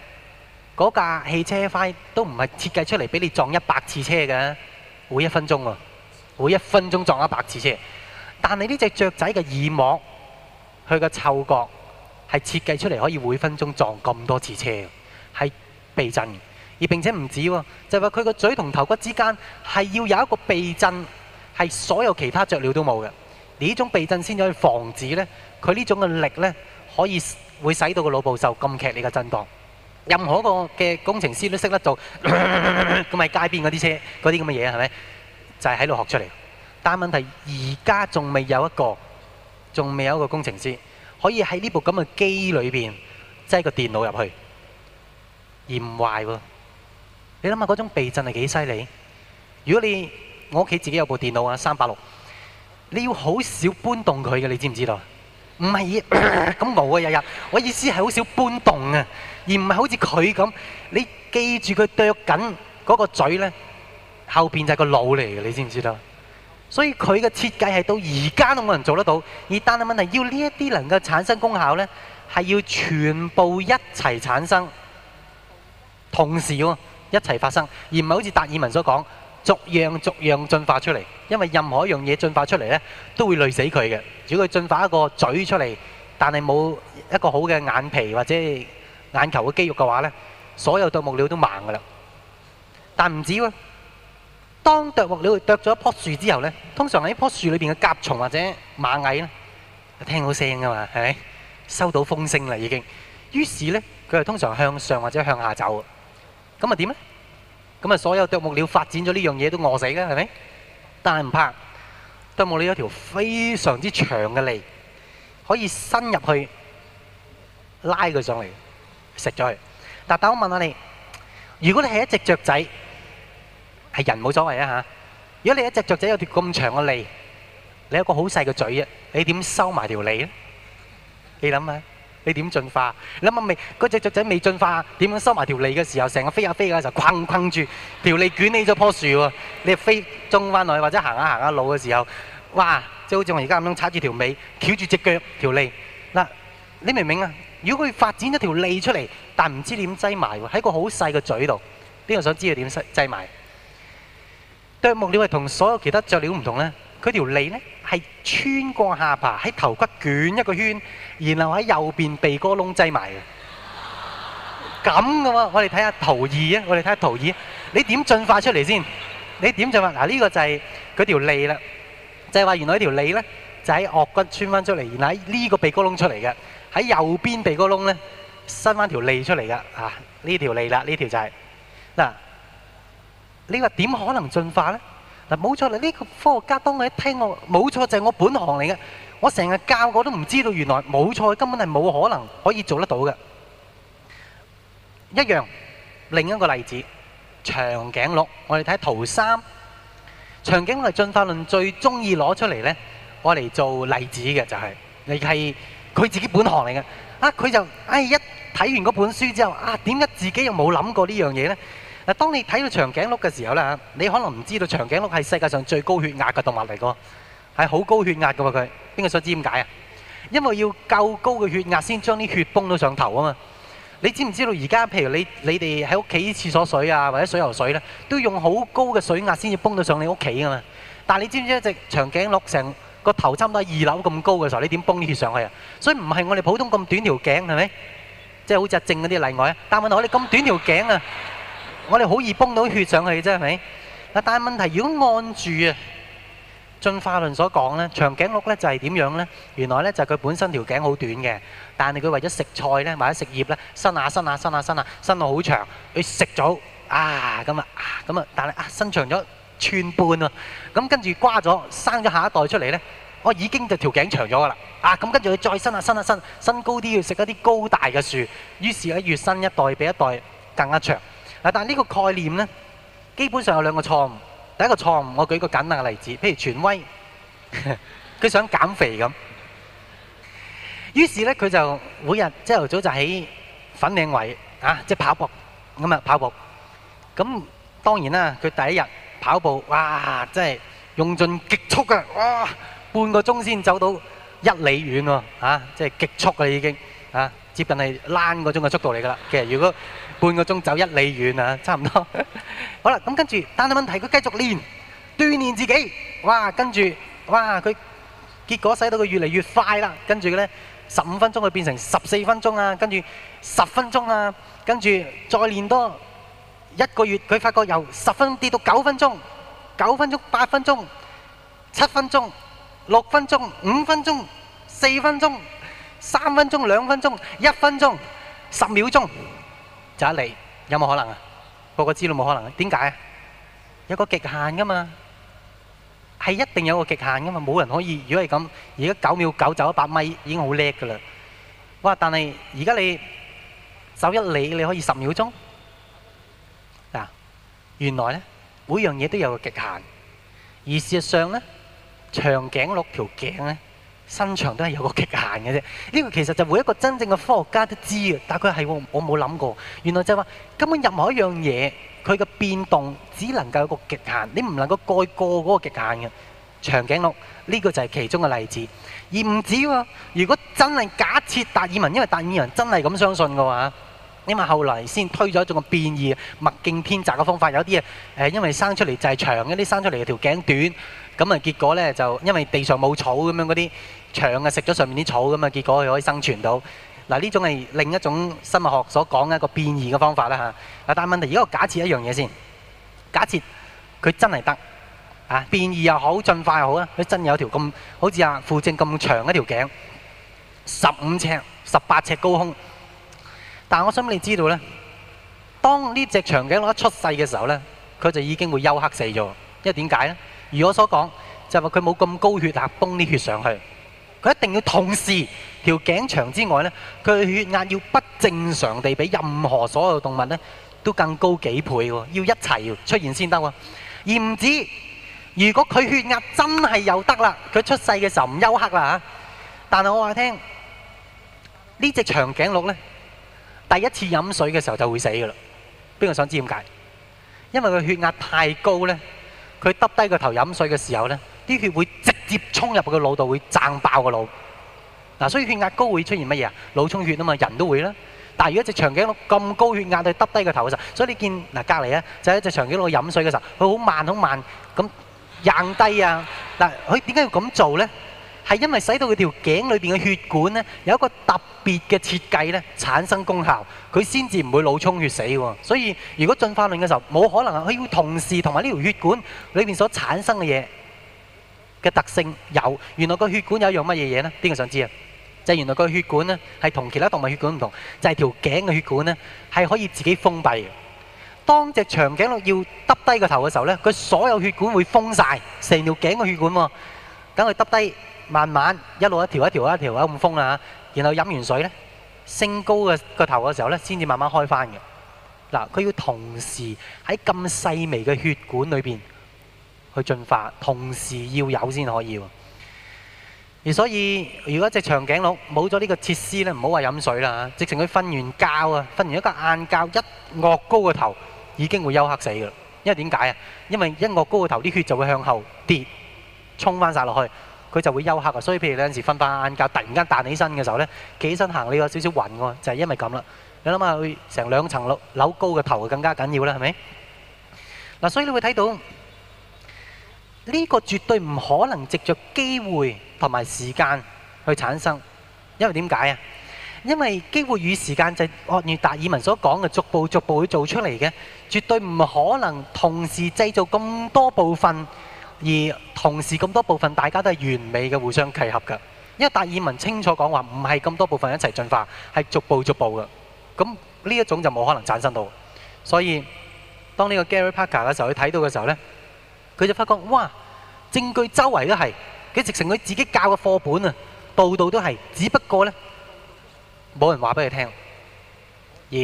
嗰架汽車快都唔係設計出嚟俾你撞一百次車嘅，每一分鐘啊，每一分鐘撞一百次車。但係呢隻雀仔嘅耳膜，佢嘅嗅覺係設計出嚟可以每分鐘撞咁多次車，係避震，而並且唔止喎，就係話佢個嘴同頭骨之間係要有一個避震，係所有其他雀鳥都冇嘅。而呢種避震先可以防止呢，佢呢種嘅力呢，可以會使到個腦部受咁劇烈嘅震盪。任何一個嘅工程師都識得做，咁咪街邊嗰啲車嗰啲咁嘅嘢係咪？就係喺度學出嚟。但係問題而家仲未有一個，仲未有一個工程師可以喺呢部咁嘅機裏邊擠個電腦入去，而唔壞喎。你諗下嗰種避震係幾犀利？如果你我屋企自己有部電腦啊，三百六，你要好少搬動佢嘅，你知唔知道？唔係嘢，咁冇啊日日。我意思係好少搬動啊。而唔係好似佢咁，你記住佢啄緊嗰個嘴呢，後面就係個腦嚟嘅，你知唔知道？所以佢嘅設計係到而家都冇人做得到。而但係問題，要呢一啲能夠產生功效呢，係要全部一齊產生，同時喎一齊發生，而唔係好似達爾文所講，逐樣逐樣進化出嚟。因為任何一樣嘢進化出嚟呢，都會累死佢嘅。如果佢進化一個嘴出嚟，但係冇一個好嘅眼皮或者眼球嘅肌肉嘅話呢，所有啄木鳥都盲噶啦。但唔止喎，當啄木鳥啄咗一棵樹之後呢，通常喺一棵樹裏邊嘅甲蟲或者螞蟻呢，聽到聲噶嘛，係咪收到風聲啦已經？於是呢，佢係通常向上或者向下走。咁啊點呢？咁啊，所有啄木鳥發展咗呢樣嘢都餓死㗎，係咪？但係唔怕，啄木鳥有條非常之長嘅脷，可以伸入去拉佢上嚟。食咗佢。但係我問下你，如果你係一隻雀仔，係人冇所謂啊嚇。如果你一隻雀仔有條咁長嘅脷，你有個好細嘅嘴啊，你點收埋條脷咧？你諗下？你點進化？你諗下？未嗰隻雀仔未進化，點樣收埋條脷嘅時候，成個飛下飛下就框框住條脷捲起咗棵樹喎。你飛中翻落去或者行下行下路嘅時候，哇！即好似我而家咁樣叉住條尾，翹住隻腳條脷嗱，你明唔明啊？如果佢發展咗條脷出嚟，但唔知點擠埋喎，喺個好細個嘴度，邊個想知道點擠埋？啄木鳥係同所有其他雀鳥唔同咧，佢條脷咧係穿過下巴，喺頭骨捲一個圈，然後喺右邊鼻哥窿擠埋嘅。咁嘅我哋睇下圖二啊，我哋睇下圖二，你點進化出嚟先？你點進化？嗱，呢個就係佢條脷啦，就係話原來呢條脷咧就喺顎骨穿翻出嚟，然後喺呢個鼻哥窿出嚟嘅。喺右邊鼻哥窿咧，伸翻條脷出嚟噶嚇，呢條脷啦，呢條就係嗱，你話點可能進化咧？嗱，冇錯啦，呢個科學家當我一聽我，冇錯就係我本行嚟嘅，我成日教我都唔知道，原來冇錯，根本係冇可能可以做得到嘅。一樣，另一個例子，長頸鹿，我哋睇圖三，長頸鹿係進化論最中意攞出嚟咧，我嚟做例子嘅就係，係。佢自己本行嚟嘅，啊佢就唉、哎、一睇完嗰本書之後，啊點解自己又冇諗過這件事呢樣嘢呢？嗱，當你睇到長頸鹿嘅時候咧，你可能唔知道長頸鹿係世界上最高血壓嘅動物嚟㗎，係好高血壓㗎喎佢。邊個想知點解啊？因為要夠高嘅血壓先將啲血泵到上頭啊嘛。你知唔知道而家譬如你你哋喺屋企廁所水啊或者水喉水咧，都用好高嘅水壓先至泵到上你屋企啊嘛。但係你知唔知一隻長頸鹿成？個頭差唔多二樓咁高嘅時候，你點泵啲血上去啊？所以唔係我哋普通咁短條頸係咪？即係好似阿正嗰啲例外啊？但問題我哋咁短條頸啊，我哋好易泵到血上去嘅啫係咪？但係問題如果按住啊，進化論所講咧，長頸鹿咧就係點樣咧？原來咧就係佢本身條頸好短嘅，但係佢為咗食菜咧或者食葉咧，伸下伸下伸下伸下伸到好長，佢食咗啊咁啊咁啊，但係啊伸長咗。寸半啊，咁跟住瓜咗生咗下一代出嚟呢，我已經就條頸長咗㗎喇啊！咁跟住佢再伸下伸下伸，伸高啲要食一啲高大嘅樹，於是呢越新一代比一代更加長嗱。但係呢個概念呢，基本上有兩個錯誤。第一個錯誤，我舉個簡單嘅例子，譬如權威，佢想減肥咁，於是呢佢就每日朝頭早就喺粉嶺圍啊，即係跑步咁啊跑步。咁當然啦，佢第一日。跑步哇，真係用盡極速嘅，哇，半個鐘先走到一里遠喎，嚇，即係極速嘅已經，嚇，接近係躝個鐘嘅速度嚟㗎啦。其實如果半個鐘走一里遠啊，差唔多。好啦，咁跟住，但係問題，佢繼續練，鍛鍊自己，哇，跟住，哇，佢結果使到佢越嚟越快啦。跟住咧，十五分鐘佢變成十四分鐘啊，跟住十分鐘啊，跟住再練多。一個月佢發覺由十分跌到九分鐘、九分鐘、八分鐘、七分鐘、六分鐘、五分鐘、四分鐘、三分鐘、兩分鐘、一分鐘、十秒鐘就一哩，有冇可能啊？個個知道冇可能，點解啊？有個極限㗎嘛，係一定有個極限㗎嘛，冇人可以。如果係咁，而家九秒九走一百米已經好叻㗎喇。哇！但係而家你走一哩，你可以十秒鐘。原來呢，每樣嘢都有個極限，而事實上呢，長頸鹿條頸呢，身長都係有個極限嘅啫。呢個其實就每一個真正嘅科學家都知嘅，但佢係我冇諗過。原來就係話，根本任何一樣嘢，佢嘅變動只能夠有個極限，你唔能夠蓋過嗰個極限嘅。長頸鹿呢個就係其中嘅例子，而唔止喎。如果真係假設達爾文，因為達爾文真係咁相信嘅話。因為後來先推咗一種個變異、物競天擇嘅方法，有啲嘢誒，因為生出嚟就係長，有啲生出嚟條頸短，咁啊結果咧就因為地上冇草咁樣，嗰啲長啊食咗上面啲草咁啊，結果佢可以生存到。嗱，呢種係另一種生物學所講嘅一個變異嘅方法啦嚇。啊，但係問題，如果我假設一樣嘢先，假設佢真係得啊變異又好，進化又好啊，佢真的有條咁好似啊副正咁長一條頸，十五尺、十八尺高空。但我想你知道呢，當呢隻長頸鹿一出世嘅時候呢，佢就已經會休克死咗。因為點解呢？如我所講，就話佢冇咁高血壓泵啲血上去，佢一定要同時條頸長之外呢，佢嘅血壓要不正常地比任何所有動物呢都更高幾倍喎。要一齊出現先得喎。而唔止，如果佢血壓真係有得啦，佢出世嘅時候唔休克啦嚇。但係我話你聽，呢隻長頸鹿呢。第一次飲水嘅時候就會死噶啦，邊個想知點解？因為佢血壓太高咧，佢揼低個頭飲水嘅時候咧，啲血會直接衝入個腦度，會撐爆個腦。嗱，所以血壓高會出現乜嘢啊？腦充血啊嘛，人都會啦。但係如果一隻長頸鹿咁高血壓，佢揼低個頭嘅時候，所以你見嗱隔離咧，就係一隻長頸鹿飲水嘅時候，佢好慢好慢咁硬低啊。嗱，佢點解要咁做咧？係因為使到佢條頸裏邊嘅血管咧，有一個特別嘅設計咧，產生功效，佢先至唔會腦充血死喎。所以如果進化論嘅時候冇可能係佢要同時同埋呢條血管裏邊所產生嘅嘢嘅特性有，原來個血管有一樣乜嘢嘢咧？邊個想知啊？就係原來個血管咧，係同其他動物血管唔同，就係條頸嘅血管咧，係可以自己封閉嘅。當隻長頸鹿要耷低個頭嘅時候咧，佢所有血管會封曬成條頸嘅血管喎，等佢耷低。慢慢一路一條一條一條咁封啊，然後飲完水咧，升高嘅個頭嘅時候咧，先至慢慢開翻嘅嗱。佢要同時喺咁細微嘅血管裏邊去進化，同時要有先可以喎。而所以，如果一隻長頸鹿冇咗呢個設施咧，唔好話飲水啦嚇，直情佢瞓完覺啊，瞓完一個晏覺一惡高個頭已經會休克死㗎，因為點解啊？因為一惡高個頭啲血就會向後跌，衝翻曬落去。佢就會休克啊！所以譬如有陣時瞓翻晏覺，突然間彈起身嘅時候咧，企起身行你有少少暈喎，就係因為咁啦。你諗下佢成兩層樓高嘅頭更加緊要啦，係咪？嗱，所以你會睇到呢個絕對唔可能藉著機會同埋時間去產生，因為點解啊？因為機會與時間就惡如達爾文所講嘅，逐步逐步去做出嚟嘅，絕對唔可能同時製造咁多部分。而同時咁多部分，大家都係完美嘅互相契合㗎，因為達爾文清楚講話，唔係咁多部分一齊進化，係逐步逐步㗎。咁呢一種就冇可能產生到。所以當呢個 Gary Parker 嘅時候，佢睇到嘅時候呢，佢就發覺哇，證據周圍都係，佢直情佢自己教嘅課本啊，度度都係，只不過呢冇人話俾佢聽。而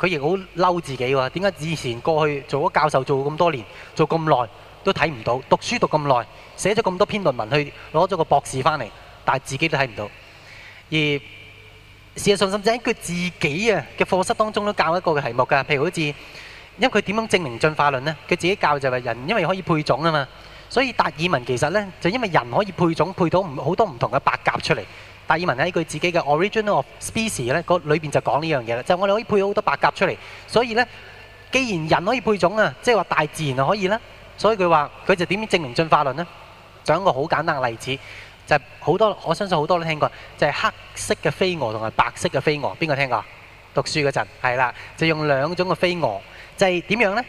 佢亦好嬲自己喎，點解以前過去做咗教授做咁多年，做咁耐？都睇唔到，讀書讀咁耐，寫咗咁多篇論文去攞咗個博士翻嚟，但係自己都睇唔到。而事實上，甚至喺佢自己啊嘅課室當中都教一個嘅題目㗎，譬如好似因為佢點樣證明進化論咧？佢自己教就係人因為可以配種啊嘛，所以達爾文其實咧就因為人可以配種配到唔好多唔同嘅白鴿出嚟。達爾文喺佢自己嘅 Origin of Species 咧個裏邊就講呢樣嘢啦，就係我哋可以配好多白鴿出嚟，所以咧既然人可以配種啊，即係話大自然就可以啦。所以佢話：佢就點證明進化論呢？就一個好簡單嘅例子，就係好多我相信好多都聽過，就係黑色嘅飛蛾同埋白色嘅飛蛾，邊個聽過？讀書嗰陣係啦，就用兩種嘅飛蛾，就係點樣呢？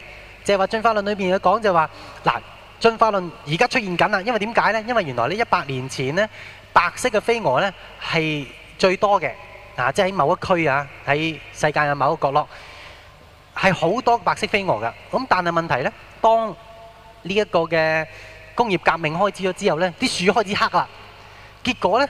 就係話進化論裏面佢講就話，嗱，進化論而家出現緊啦。因為點解呢？因為原來呢一百年前呢，白色嘅飛蛾呢係最多嘅，嗱，即係喺某一區啊，喺世界嘅某一個角落，係好多白色飛蛾嘅。咁但係問題呢，當呢、這、一個嘅工業革命開始咗之後呢，啲樹開始黑啦。結果呢，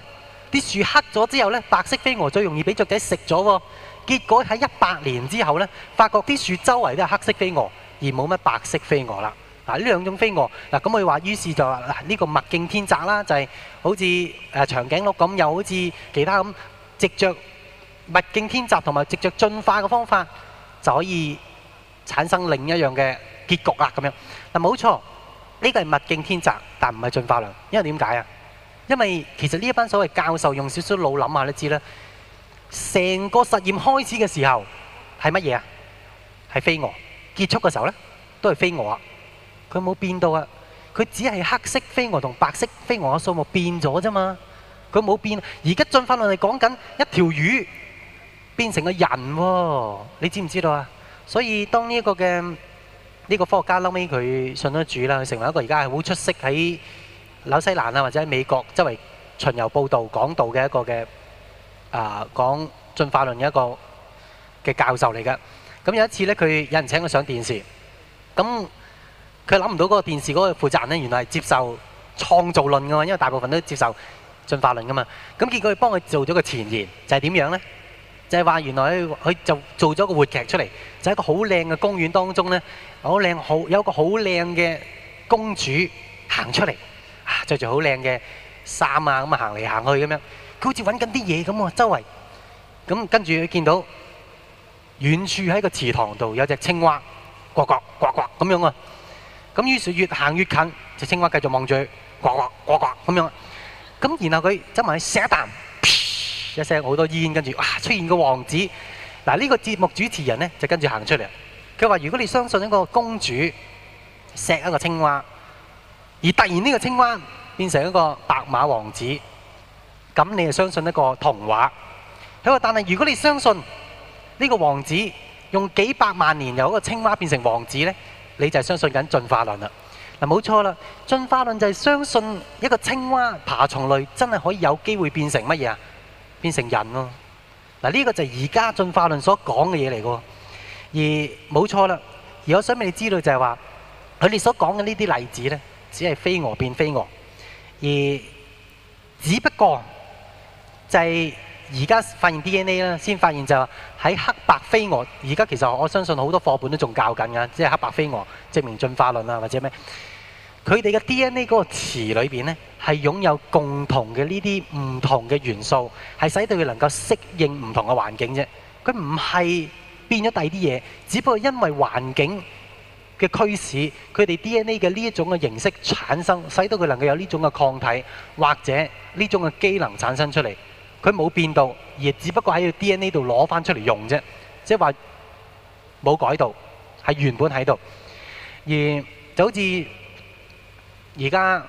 啲樹黑咗之後呢，白色飛蛾最容易俾雀仔食咗喎。結果喺一百年之後呢，發覺啲樹周圍都係黑色飛蛾，而冇乜白色飛蛾啦。嗱，呢兩種飛蛾嗱，咁佢話，於是就話嗱，呢個物競天擇啦，就係好似誒長頸鹿咁，又好似其他咁，藉着物競天擇同埋藉着進化嘅方法，就可以產生另一樣嘅。結局啊，咁樣嗱，冇錯，呢個係物競天擇，但唔係進化論，因為點解啊？因為其實呢一班所謂教授用少少腦諗下了，你知啦，成個實驗開始嘅時候係乜嘢啊？係飛蛾，結束嘅時候咧都係飛蛾啊，佢冇變到啊，佢只係黑色飛蛾同白色飛蛾嘅數目變咗啫嘛，佢冇變。而家進化論係講緊一條魚變成個人喎、哦，你知唔知道啊？所以當呢一個嘅呢個科學家嬲尾佢信得主啦，佢成為一個而家係好出色喺紐西蘭啊，或者喺美國周圍巡遊報道講道嘅一個嘅啊講進化論嘅一個嘅教授嚟嘅。咁有一次呢，佢有人請佢上電視，咁佢諗唔到嗰個電視嗰個負責人呢，原來係接受創造論㗎嘛，因為大部分都接受進化論㗎嘛。咁結果佢幫佢做咗個前言，就係點樣呢？就係話原來佢就做咗個活劇出嚟，就係一個好靚嘅公園當中咧，好靚好有個好靚嘅公主行出嚟，啊、着住好靚嘅衫啊，咁行嚟行去咁樣，佢好似揾緊啲嘢咁喎周圍。咁跟住佢見到遠處喺個池塘度有隻青蛙呱呱呱呱咁樣啊。咁於是越行越近，隻青蛙繼續望住佢呱呱呱呱咁樣。咁然後佢走埋去錫一啖。一聲好多煙，跟住哇出現個王子。嗱，呢個節目主持人呢就跟住行出嚟。佢話：如果你相信一個公主錫一個青蛙，而突然呢個青蛙變成一個白馬王子，咁你就相信一個童話。佢話：但係如果你相信呢個王子用幾百萬年由一個青蛙變成王子呢，你就係相信緊進化論啦。嗱，冇錯啦，進化論就係相信一個青蛙爬蟲類真係可以有機會變成乜嘢啊？變成人咯、啊，嗱、這、呢個就係而家進化論所講嘅嘢嚟嘅，而冇錯啦。而我想俾你知道就係話，佢哋所講嘅呢啲例子呢，只係飛蛾變飛蛾，而只不過就係而家發現 DNA 啦，先發現就係喺黑白飛蛾。而家其實我相信好多課本都仲教緊㗎，即係黑白飛蛾證明進化論啊，或者咩？佢哋嘅 D N A 嗰個池裏邊呢，係擁有共同嘅呢啲唔同嘅元素，係使到佢能夠適應唔同嘅環境啫。佢唔係變咗第二啲嘢，只不過因為環境嘅驅使，佢哋 D N A 嘅呢一種嘅形式產生，使到佢能夠有呢種嘅抗體或者呢種嘅機能產生出嚟。佢冇變到，而係只不過喺個 D N A 度攞翻出嚟用啫，即係話冇改到，係原本喺度。而就好似。而家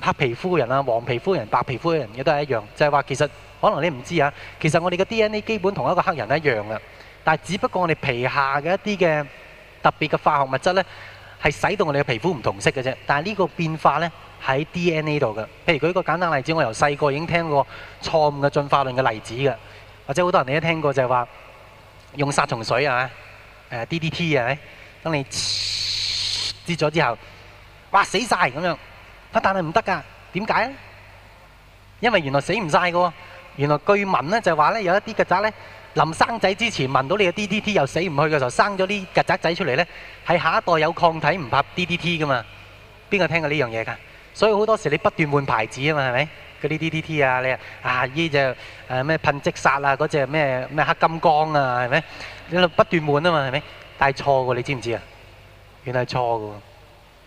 黑皮膚嘅人啊、黃皮膚嘅人、白皮膚嘅人，亦都係一樣，就係話其實可能你唔知啊，其實我哋嘅 DNA 基本同一個黑人一樣噶，但係只不過我哋皮下嘅一啲嘅特別嘅化學物質咧，係使到我哋嘅皮膚唔同色嘅啫。但係呢個變化咧喺 DNA 度㗎。譬如舉一個簡單例子，我由細個已經聽過錯誤嘅進化論嘅例子㗎，或者好多人你都聽過就係話用殺蟲水啊、呃、DDT 啊，等你滴咗之後。話死曬咁樣，啊但係唔得㗎，點解咧？因為原來死唔曬嘅喎，原來據聞咧就係話咧有一啲曱甴咧，臨生仔之前聞到你嘅 DDT 又死唔去嘅時候，生咗啲曱甴仔出嚟咧，係下一代有抗體唔怕 DDT 嘅嘛。邊個聽過呢樣嘢㗎？所以好多時你不斷換牌子啊嘛，係咪？嗰啲 DDT 啊，你啊啊依隻誒咩噴劑殺啊，嗰隻咩咩黑金剛啊，係咪？一路不斷換啊嘛，係咪？但係錯嘅喎，你知唔知啊？原來係錯嘅喎。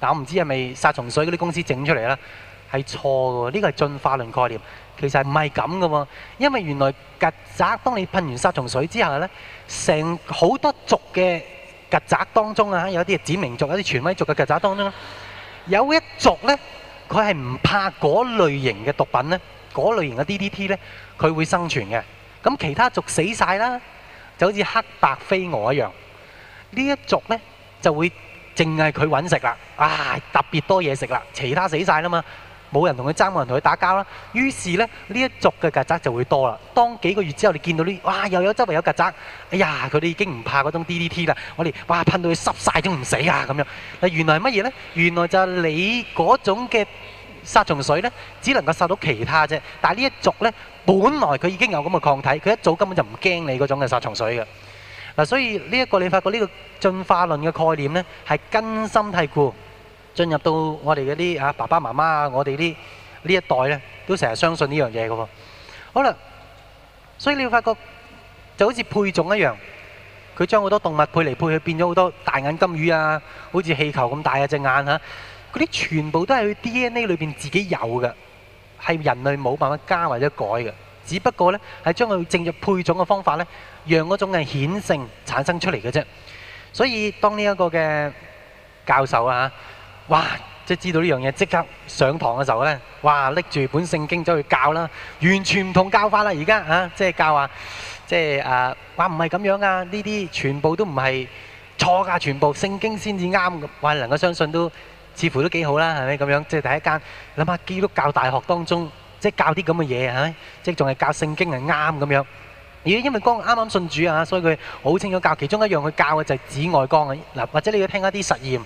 我唔知係咪殺蟲水嗰啲公司整出嚟啦，係錯嘅喎。呢個係進化論概念，其實唔係咁嘅喎。因為原來曱甴當你噴完殺蟲水之後咧，成好多族嘅曱甴當中啊，有啲係指明族，有啲傳威族嘅曱甴當中，有一族咧，佢係唔怕嗰類型嘅毒品咧，嗰類型嘅 DDT 咧，佢會生存嘅。咁其他族死曬啦，就好似黑白飛蛾一樣，呢一族咧就會。淨係佢揾食啦，啊特別多嘢食啦，其他死晒啦嘛，冇人同佢爭，冇人同佢打交啦。於是呢，呢一族嘅曱甴就會多啦。當幾個月之後，你見到呢，哇又有周圍有曱甴，哎呀佢哋已經唔怕嗰種 DDT 啦，我哋哇噴到佢濕晒都唔死啊咁樣。嗱，原來乜嘢呢？原來就係你嗰種嘅殺蟲水呢，只能夠殺到其他啫。但係呢一族呢，本來佢已經有咁嘅抗體，佢一早根本就唔驚你嗰種嘅殺蟲水嘅。嗱，所以呢一個你發覺呢個進化論嘅概念咧，係根深蒂固，進入到我哋嗰啲啊爸爸媽媽啊，我哋啲呢一代咧，都成日相信呢樣嘢嘅喎。好啦，所以你會發覺就好似配種一樣，佢將好多動物配嚟配去，變咗好多大眼金魚啊，好似氣球咁大啊隻眼嚇，嗰啲全部都係佢 DNA 裏邊自己有嘅，係人類冇辦法加或者改嘅，只不過咧係將佢正入配種嘅方法咧。讓嗰種係顯性產生出嚟嘅啫，所以當呢一個嘅教授啊，哇，即係知道呢樣嘢，即刻上堂嘅時候咧，哇，拎住本聖經走去教啦，完全唔同教法啦。而家啊，即係教啊，即係啊，話唔係咁樣啊，呢啲全部都唔係錯噶，全部聖經先至啱，話能夠相信都似乎都幾好啦，係咪咁樣？即係第一間諗下基督教大學當中，即係教啲咁嘅嘢，係咪？即係仲係教聖經係啱咁樣。咦，因為剛啱啱信主啊，所以佢好清楚教其中一樣，佢教嘅就係紫外光啊嗱，或者你要聽一啲實驗，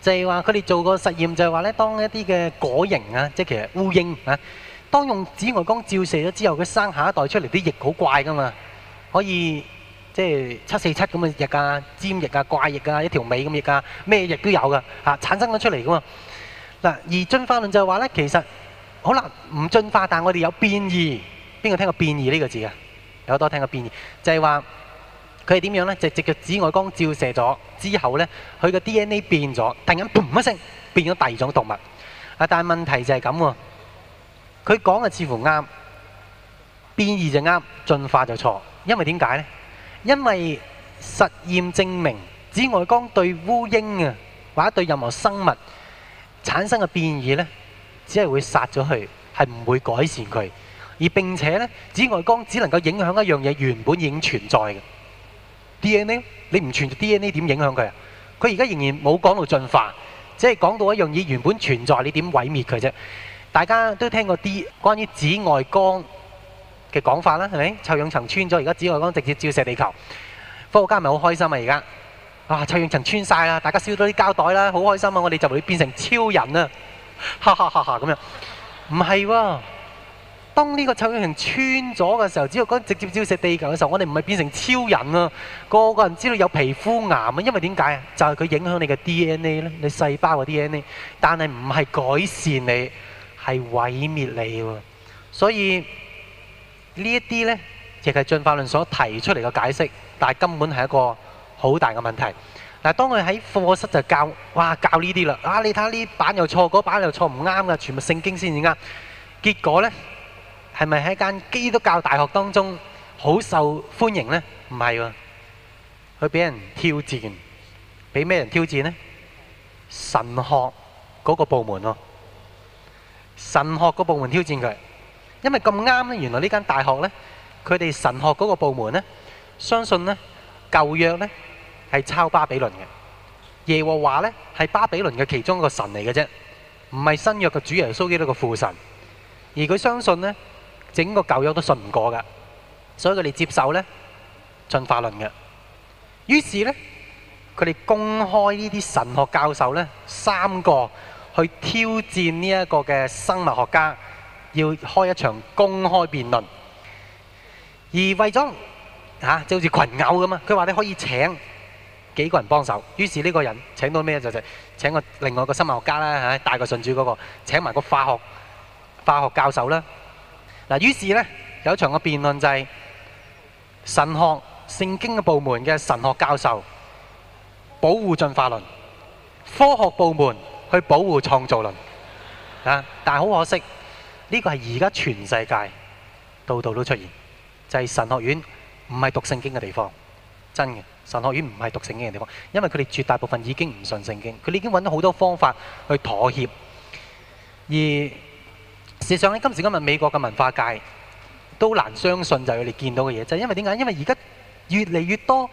就係話佢哋做個實驗就係話咧，當一啲嘅果蠅啊，即係其實烏蠅啊，當用紫外光照射咗之後，佢生下一代出嚟啲翼好怪噶嘛，可以即係七四七咁嘅翼啊、尖翼啊、怪翼啊、一條尾咁翼啊、咩翼都有噶嚇，產生咗出嚟噶嘛嗱。而進化論就係話咧，其實好難唔進化，但係我哋有變異，邊個聽過變異呢個字啊？有多聽過變異，就係話佢係點樣呢？就係、直係藉紫外光照射咗之後呢，佢個 DNA 變咗，突然間砰一聲變咗第二種動物。啊，但係問題就係咁喎，佢講嘅似乎啱，變異就啱，進化就錯。因為點解呢？因為實驗證明紫外光對烏蠅啊，或者對任何生物產生嘅變異呢，只係會殺咗佢，係唔會改善佢。而並且咧，紫外光只能夠影響一樣嘢原本已經存在嘅 DNA，你唔存在 DNA 點影響佢啊？佢而家仍然冇講到進化，只係講到一樣嘢原本存在，你點毀滅佢啫？大家都聽過啲關於紫外光嘅講法啦，係咪？臭氧層穿咗，而家紫外光直接照射地球，科學家咪好開心啊！而家啊，臭氧層穿晒啦，大家燒多啲膠袋啦，好開心啊！我哋就會變成超人啊！哈哈哈哈咁樣，唔係喎。當呢個臭氧層穿咗嘅時候，只要嗰直接照射地球嘅時候，我哋唔係變成超人啊！個個人知道有皮膚癌啊，因為點解啊？就係佢影響你嘅 DNA 咧，你細胞嘅 DNA，但係唔係改善你，係毀滅你喎。所以呢一啲咧，亦係進化論所提出嚟嘅解釋，但係根本係一個好大嘅問題。但係，當佢喺課室就教，哇，教呢啲啦，啊，你睇下呢版又錯，嗰版又錯，唔啱嘅，全部聖經先至啱。結果咧～係咪喺一間基督教大學當中好受歡迎咧？唔係喎，佢俾人挑戰，俾咩人挑戰咧？神學嗰個部門喎，神學個部門挑戰佢，因為咁啱咧，原來呢間大學咧，佢哋神學嗰個部門咧，相信咧舊約咧係抄巴比倫嘅，耶和華咧係巴比倫嘅其中一個神嚟嘅啫，唔係新約嘅主耶穌基督嘅父神，而佢相信咧。整個教育都信唔過㗎，所以佢哋接受呢進化論嘅。於是呢，佢哋公開呢啲神學教授呢三個去挑戰呢一個嘅生物學家，要開一場公開辯論。而為咗吓就好似群毆咁嘛！佢話你可以請幾個人幫手，於是呢個人請到咩就就請個另外個生物學家啦嚇，大個信主嗰個請埋個化學化學教授啦。嗱，於是呢，有一場個辯論就係神學聖經嘅部門嘅神學教授保護進化論，科學部門去保護創造論，但係好可惜，呢個係而家全世界度度都出現，就係神學院唔係讀聖經嘅地方，真嘅神學院唔係讀聖經嘅地方，因為佢哋絕大部分已經唔信聖經，佢哋已經揾咗好多方法去妥協而。事實上今時今日美國嘅文化界都難相信就係佢哋見到嘅嘢，就係、是、因為點解？因為而家越嚟越多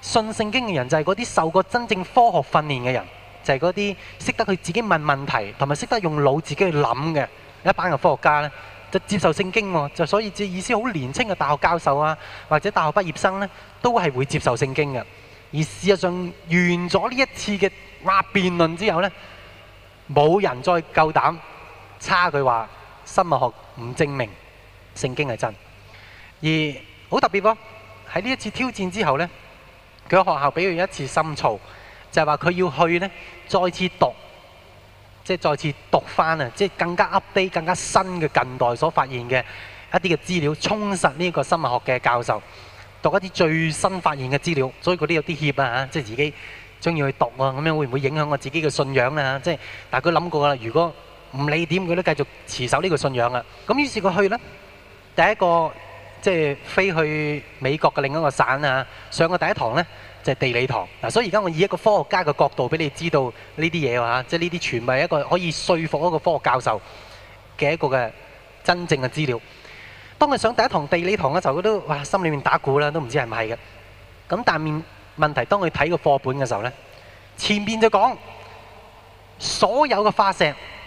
信聖經嘅人，就係嗰啲受過真正科學訓練嘅人，就係嗰啲識得佢自己問問題同埋識得用腦自己去諗嘅一班嘅科學家呢，就接受聖經喎。就所以，即意思好年青嘅大學教授啊，或者大學畢業生呢，都係會接受聖經嘅。而事實上，完咗呢一次嘅話辯論之後呢，冇人再夠膽差佢話。生物學唔證明聖經係真的，而好特別喎。喺呢一次挑戰之後呢，佢喺學校俾佢一次深造，就係話佢要去呢，再次讀，即係再次讀翻啊，即係更加 update、更加新嘅近代所發現嘅一啲嘅資料，充實呢一個生物學嘅教授讀一啲最新發現嘅資料。所以佢都有啲怯啊，即係自己中意去讀啊，咁樣會唔會影響我自己嘅信仰咧、啊？即係，但係佢諗過啦，如果。唔理點佢都繼續持守呢個信仰啊！咁於是佢去咧，第一個即係飛去美國嘅另一個省啊。上個第一堂咧就係地理堂嗱，所以而家我以一個科學家嘅角度俾你知道呢啲嘢啊嚇，即係呢啲全部係一個可以説服一個科學教授嘅一個嘅真正嘅資料。當佢上第一堂地理堂嘅時候，佢都哇心裏面打鼓啦，都唔知係唔係嘅。咁但係問題當佢睇個課本嘅時候咧，前面就講所有嘅化石。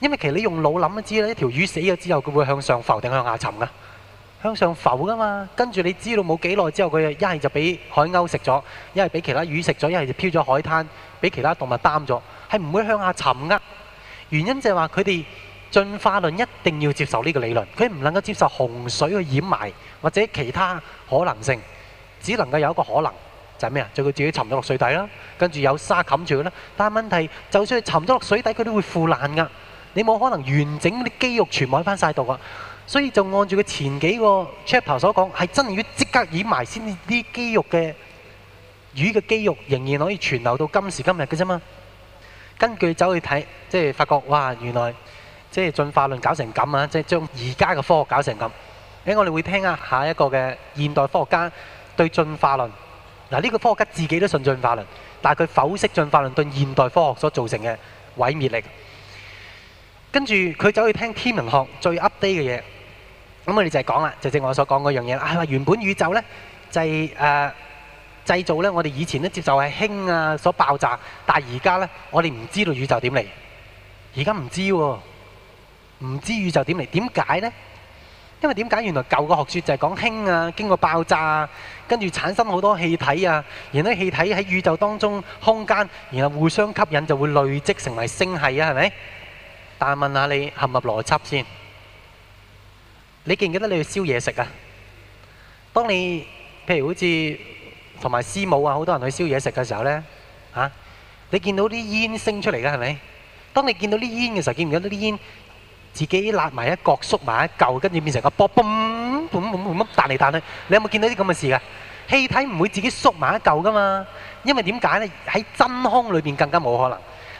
因為其實你用腦諗都知咧，一條魚死咗之後，佢會向上浮定向下沉啊？向上浮噶嘛？跟住你知道冇幾耐之後，佢一係就俾海鷗食咗，一係俾其他魚食咗，一係就漂咗海灘，俾其他動物擔咗，係唔會向下沉啊？原因就係話佢哋進化論一定要接受呢個理論，佢唔能夠接受洪水去掩埋或者其他可能性，只能夠有一個可能就係咩啊？就佢自己沉咗落水底啦，跟住有沙冚住佢啦。但係問題，就算係沉咗落水底，佢都會腐爛噶。你冇可能完整啲肌肉全部喺翻晒度㗎，所以就按住佢前幾個 chapter 所講，係真要即刻掩埋先，啲肌肉嘅魚嘅肌肉仍然可以傳流到今時今日嘅啫嘛。根據走去睇，即係發覺哇，原來即係進化論搞成咁啊！即係將而家嘅科學搞成咁。誒，我哋會聽下下一個嘅現代科學家對進化論，嗱呢個科學家自己都信進化論，但係佢否釋進化論對現代科學所造成嘅毀滅力。跟住佢走去聽天文學最 update 嘅嘢，咁我哋就係講啦，就正我所講嗰樣嘢啦。係話原本宇宙呢製誒製造呢，我哋以前呢接受係氫啊所爆炸，但係而家呢，我哋唔知道宇宙點嚟，而家唔知喎、啊，唔知宇宙點嚟，點解呢？因為點解原來舊嘅學說就係講氫啊經過爆炸，跟住產生好多氣體啊，然後氣體喺宇宙當中空間，然後互相吸引就會累積成為星系啊，係咪？但問下你合唔合邏輯先？你記唔記得你去燒嘢食啊？當你譬如好似同埋師母啊，好多人去燒嘢食嘅時候咧，嚇你見到啲煙升出嚟㗎，係咪？當你見到啲煙嘅時候，見唔見到啲煙自己攔埋一角縮埋一嚿，跟住變成個波嘣嘣嘣嘣彈嚟彈去？你有冇見到啲咁嘅事㗎？氣體唔會自己縮埋一嚿㗎嘛？因為點解咧？喺真空裏邊更加冇可能。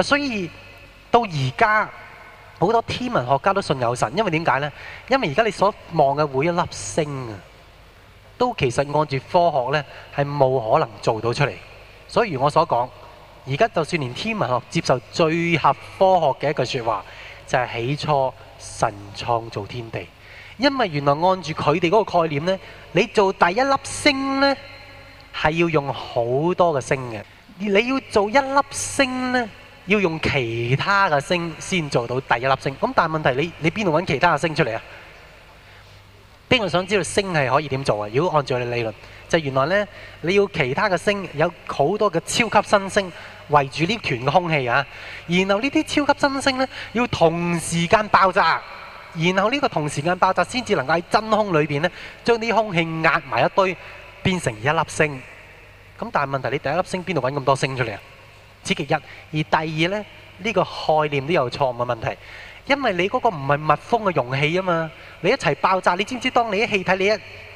所以到而家好多天文學家都信有神，因為點解呢？因為而家你所望嘅每一粒星啊，都其實按住科學呢，係冇可能做到出嚟。所以如我所講，而家就算連天文學接受最合科學嘅一句說話，就係起初神創造天地。因為原來按住佢哋嗰個概念呢，你做第一粒星呢，係要用好多嘅星嘅，而你要做一粒星呢。要用其他嘅星先做到第一粒星，咁但係問題你你邊度揾其他嘅星出嚟啊？邊個想知道星係可以點做啊？如果按照你嘅理論，就係、原來呢，你要其他嘅星有好多嘅超級新星圍住呢團嘅空氣啊，然後呢啲超級新星呢，要同時間爆炸，然後呢個同時間爆炸先至能夠喺真空裏邊呢，將啲空氣壓埋一堆變成一粒星。咁但係問題你第一粒星邊度揾咁多星出嚟啊？此其一，而第二呢，呢個概念都有錯誤嘅問題，因為你嗰個唔係密封嘅容器啊嘛，你一齊爆炸，你知唔知？當你啲氣體你一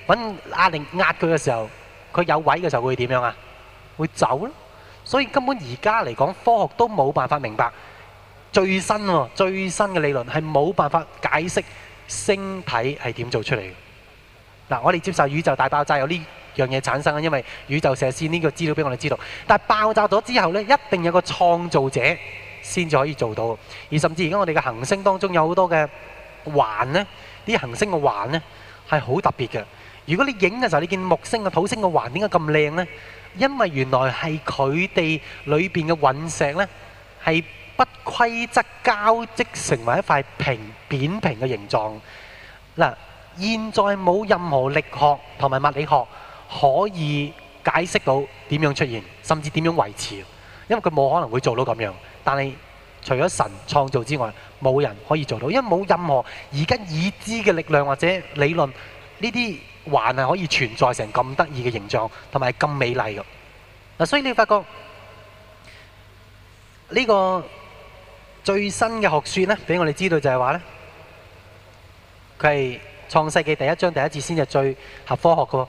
揾壓力壓佢嘅時候，佢有位嘅時候會點樣啊？會走咯。所以根本而家嚟講，科學都冇辦法明白最新、最新嘅理論係冇辦法解釋星體係點做出嚟嘅。嗱，我哋接受宇宙大爆炸有呢樣嘢產生啊！因為宇宙射線呢個資料俾我哋知道，但係爆炸咗之後呢，一定有個創造者先至可以做到。而甚至而家我哋嘅行星當中有好多嘅環呢，啲行星嘅環呢係好特別嘅。如果你影嘅時候，你見木星個土星個環點解咁靚呢？因為原來係佢哋裏邊嘅隕石呢係不規則交織成為一塊平扁平嘅形狀。嗱，現在冇任何力學同埋物理學。可以解釋到點樣出現，甚至點樣維持，因為佢冇可能會做到咁樣。但係除咗神創造之外，冇人可以做到，因為冇任何而家已知嘅力量或者理論，呢啲還係可以存在成咁得意嘅形狀，同埋咁美麗嘅。嗱，所以你會發覺呢、呢個最新嘅學說呢，俾我哋知道就係話呢，佢係創世記第一章第一節先係最合科學嘅。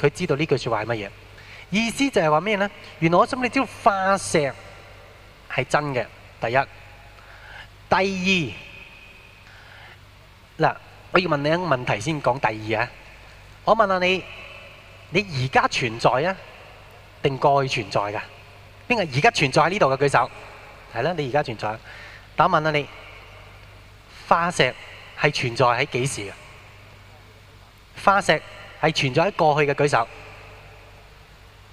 佢知道呢句說話係乜嘢意思，就係話咩呢？原來我想你知，化石係真嘅。第一，第二，嗱，我要問你一個問題先講第二啊。我問下你，你而家存在啊，定過去存在噶？邊個而家存在喺呢度嘅？舉手？係啦，你而家存在。等我問下你，化石係存在喺幾時？化石。係存在喺過去嘅，舉手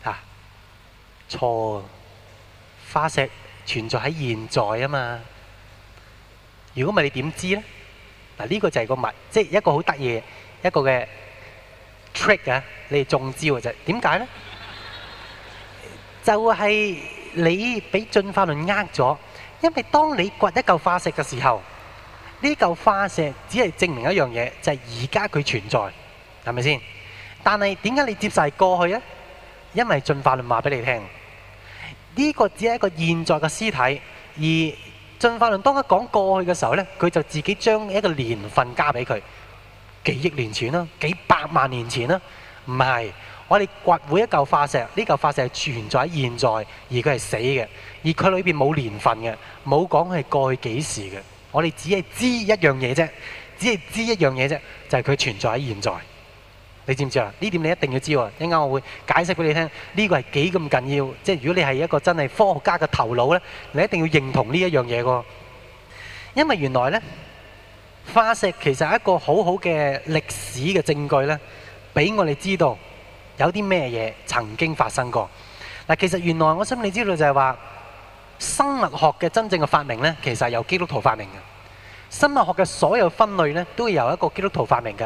嚇錯，化石存在喺現在啊嘛！如果唔係你點知咧？嗱，呢個就係個物，即係一個好得意一個嘅 trick 啊！你哋中招啊！就點解咧？就係你俾進化論呃咗，因為當你掘一嚿化石嘅時候，呢嚿化石只係證明一樣嘢，就係而家佢存在，係咪先？但係點解你接曬過去咧？因為進化論話俾你聽，呢個只係一個現在嘅屍體。而進化論當佢講過去嘅時候咧，佢就自己將一個年份加俾佢，幾億年前啦，幾百萬年前啦。唔係，我哋掘每一嚿化石，呢嚿化石存在喺現在，而佢係死嘅，而佢裏邊冇年份嘅，冇講係過去幾時嘅。我哋只係知一樣嘢啫，只係知一樣嘢啫，就係佢存在喺現在。你知唔知啊？呢點你一定要知喎！一陣間我會解釋俾你聽，呢個係幾咁緊要。即係如果你係一個真係科學家嘅頭腦咧，你一定要認同呢一樣嘢喎。因為原來咧，化石其實係一個好好嘅歷史嘅證據咧，俾我哋知道有啲咩嘢曾經發生過。嗱，其實原來我想你知道就係話，生物學嘅真正嘅發明咧，其實係由基督徒發明嘅。生物學嘅所有分類咧，都會由一個基督徒發明嘅。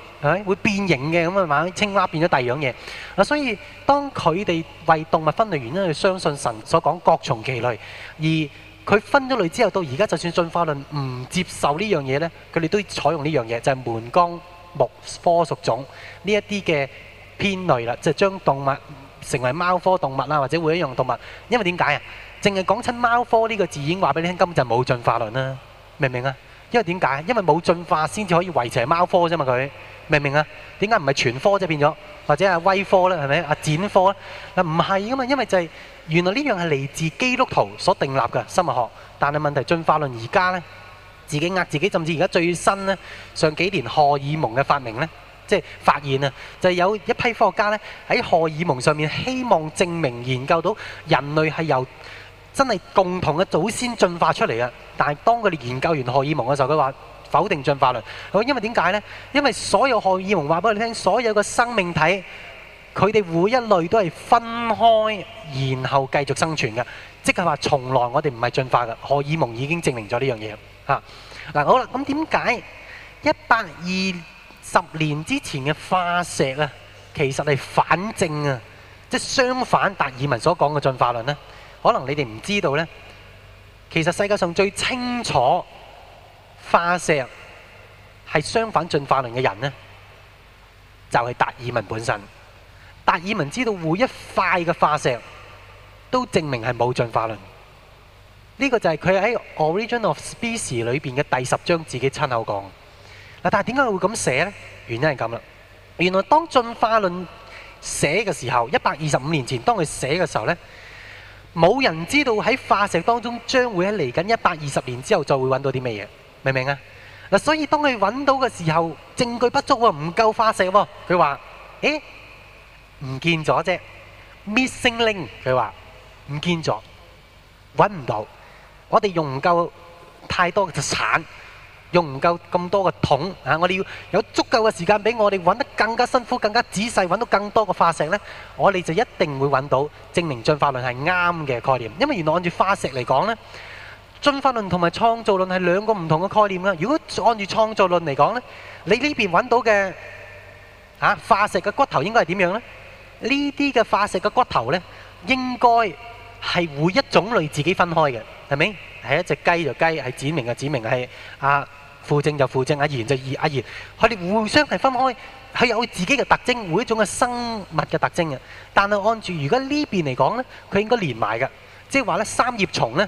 係咪會變形嘅咁啊？嘛，青蛙變咗第二樣嘢啊！所以當佢哋為動物分類原因，係相信神所講各從其類，而佢分咗類之後，到而家就算進化論唔接受呢樣嘢咧，佢哋都採用呢樣嘢，就係門、綱、目、科、屬、種呢一啲嘅編類啦，就係將動物成為貓科動物啊，或者會一樣動物。因為點解啊？淨係講親貓科呢個字，已經話俾你聽，根本就冇進化論啦，明唔明啊？因為點解？因為冇進化先至可以維持係貓科啫嘛，佢。明唔明啊？點解唔係全科即變咗或者係威科咧，係咪啊展？展科咧？嗱，唔係噶嘛，因為就係原來呢樣係嚟自基督徒所定立嘅生物學。但係問題是進化論而家咧，自己呃自己，甚至而家最新咧，上幾年荷爾蒙嘅發明咧，即係發現啊，就係有一批科學家咧喺荷爾蒙上面希望證明研究到人類係由真係共同嘅祖先進化出嚟嘅。但係當佢哋研究完荷爾蒙嘅時候，佢話。否定進化論，好，因為點解呢？因為所有荷爾蒙話俾你聽，所有嘅生命體佢哋每一類都係分開，然後繼續生存嘅，即係話從來我哋唔係進化嘅。荷爾蒙已經證明咗呢樣嘢嚇。嗱、啊，好啦，咁點解一百二十年之前嘅化石咧，其實係反證啊，即係相反達爾文所講嘅進化論呢，可能你哋唔知道呢，其實世界上最清楚。化石係相反進化論嘅人呢，就係達爾文本身。達爾文知道每一塊嘅化石都證明係冇進化論。呢個就係佢喺《Origin of Species》裏邊嘅第十章自己親口講。嗱，但係點解會咁寫呢？原因係咁啦。原來當進化論寫嘅時候，一百二十五年前當佢寫嘅時候呢，冇人知道喺化石當中將會喺嚟緊一百二十年之後再會揾到啲咩嘢。明唔明啊？嗱，所以當佢揾到嘅時候，證據不足，唔夠化石喎，佢話，誒，唔見咗啫，missing link，佢話唔見咗，揾唔到。我哋用唔夠太多嘅鏟，用唔夠咁多嘅桶啊！我哋要有足夠嘅時間俾我哋揾得更加辛苦、更加仔細，揾到更多嘅化石咧，我哋就一定會揾到，證明進化論係啱嘅概念。因為原來按住化石嚟講咧。進化論同埋創造論係兩個唔同嘅概念啦。如果按住創造論嚟講呢，你呢邊揾到嘅、啊、化石嘅骨頭應該係點樣呢？呢啲嘅化石嘅骨頭呢，應該係每一種類自己分開嘅，係咪？係一隻雞就雞，係指明就指明係啊，副證就副證，阿、啊、言就、啊、言，阿言佢哋互相係分開，係有自己嘅特徵，每一種嘅生物嘅特徵嘅。但係按住如果呢邊嚟講呢，佢應該連埋嘅，即係話呢，三葉蟲呢。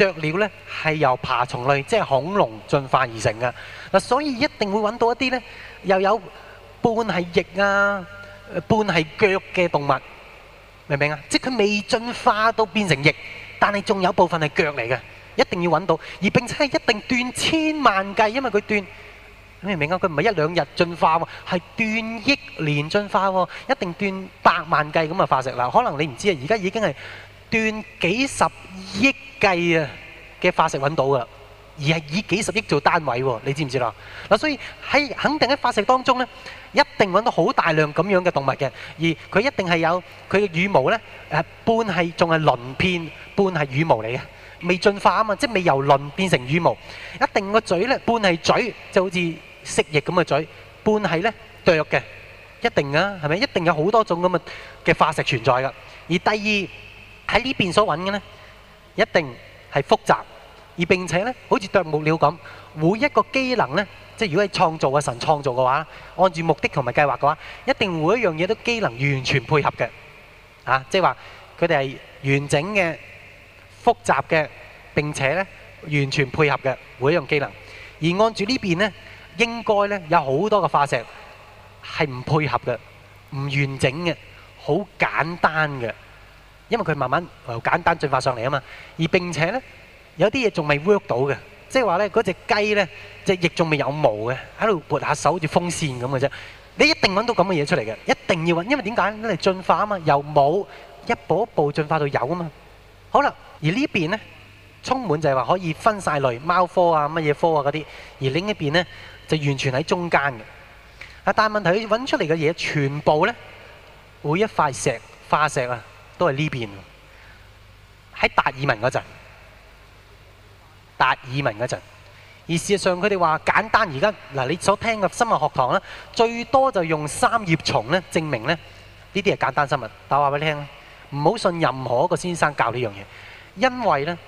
雀鳥咧係由爬蟲類即係恐龍進化而成嘅嗱，所以一定會揾到一啲咧又有半係翼啊，半係腳嘅動物，明唔明啊？即係佢未進化到變成翼，但係仲有部分係腳嚟嘅，一定要揾到，而並且係一定斷千萬計，因為佢斷，明唔明啊？佢唔係一兩日進化喎，係斷億年進化喎，一定斷百萬計咁嘅化石啦。可能你唔知啊，而家已經係斷幾十億計啊嘅化石揾到噶，而係以幾十億做單位喎，你知唔知啦？嗱，所以喺肯定喺化石當中咧，一定揾到好大量咁樣嘅動物嘅，而佢一定係有佢嘅羽毛咧，誒，半係仲係鱗片，半係羽毛嚟嘅，未進化啊嘛，即係未由鱗變成羽毛。一定個嘴咧，半係嘴就好似蜥蜴咁嘅嘴，半係咧啄嘅，一定啊，係咪？一定有好多種咁嘅化石存在噶。而第二喺呢邊所揾嘅咧。一定係複雜，而並且咧，好似啄木鳥咁，每一個機能咧，即係如果係創造嘅神創造嘅話，按住目的同埋計劃嘅話，一定每一樣嘢都機能完全配合嘅，啊，即係話佢哋係完整嘅、複雜嘅，並且咧，完全配合嘅每一樣機能。而按住呢邊咧，應該咧有好多嘅化石係唔配合嘅、唔完整嘅、好簡單嘅。因為佢慢慢由簡單進化上嚟啊嘛，而並且咧有啲嘢仲未 work 到嘅，即係話咧嗰隻雞咧隻翼仲未有毛嘅，喺度撥下手好似風扇咁嘅啫。你一定揾到咁嘅嘢出嚟嘅，一定要揾，因為點解咧？因為進化啊嘛，由冇一步一步進化到有啊嘛。好啦，而呢邊咧充滿就係話可以分晒類貓科啊乜嘢科啊嗰啲，而另一邊咧就完全喺中間嘅。啊，但係問題佢揾出嚟嘅嘢全部咧每一塊石化石啊！都係呢邊喺達爾文嗰陣，達爾文嗰陣，而事實上佢哋話簡單。而家嗱，你所聽嘅生物學堂咧，最多就用三葉蟲咧證明咧呢啲係簡單生物。但我話俾你聽，唔好信任何一個先生教呢樣嘢，因為咧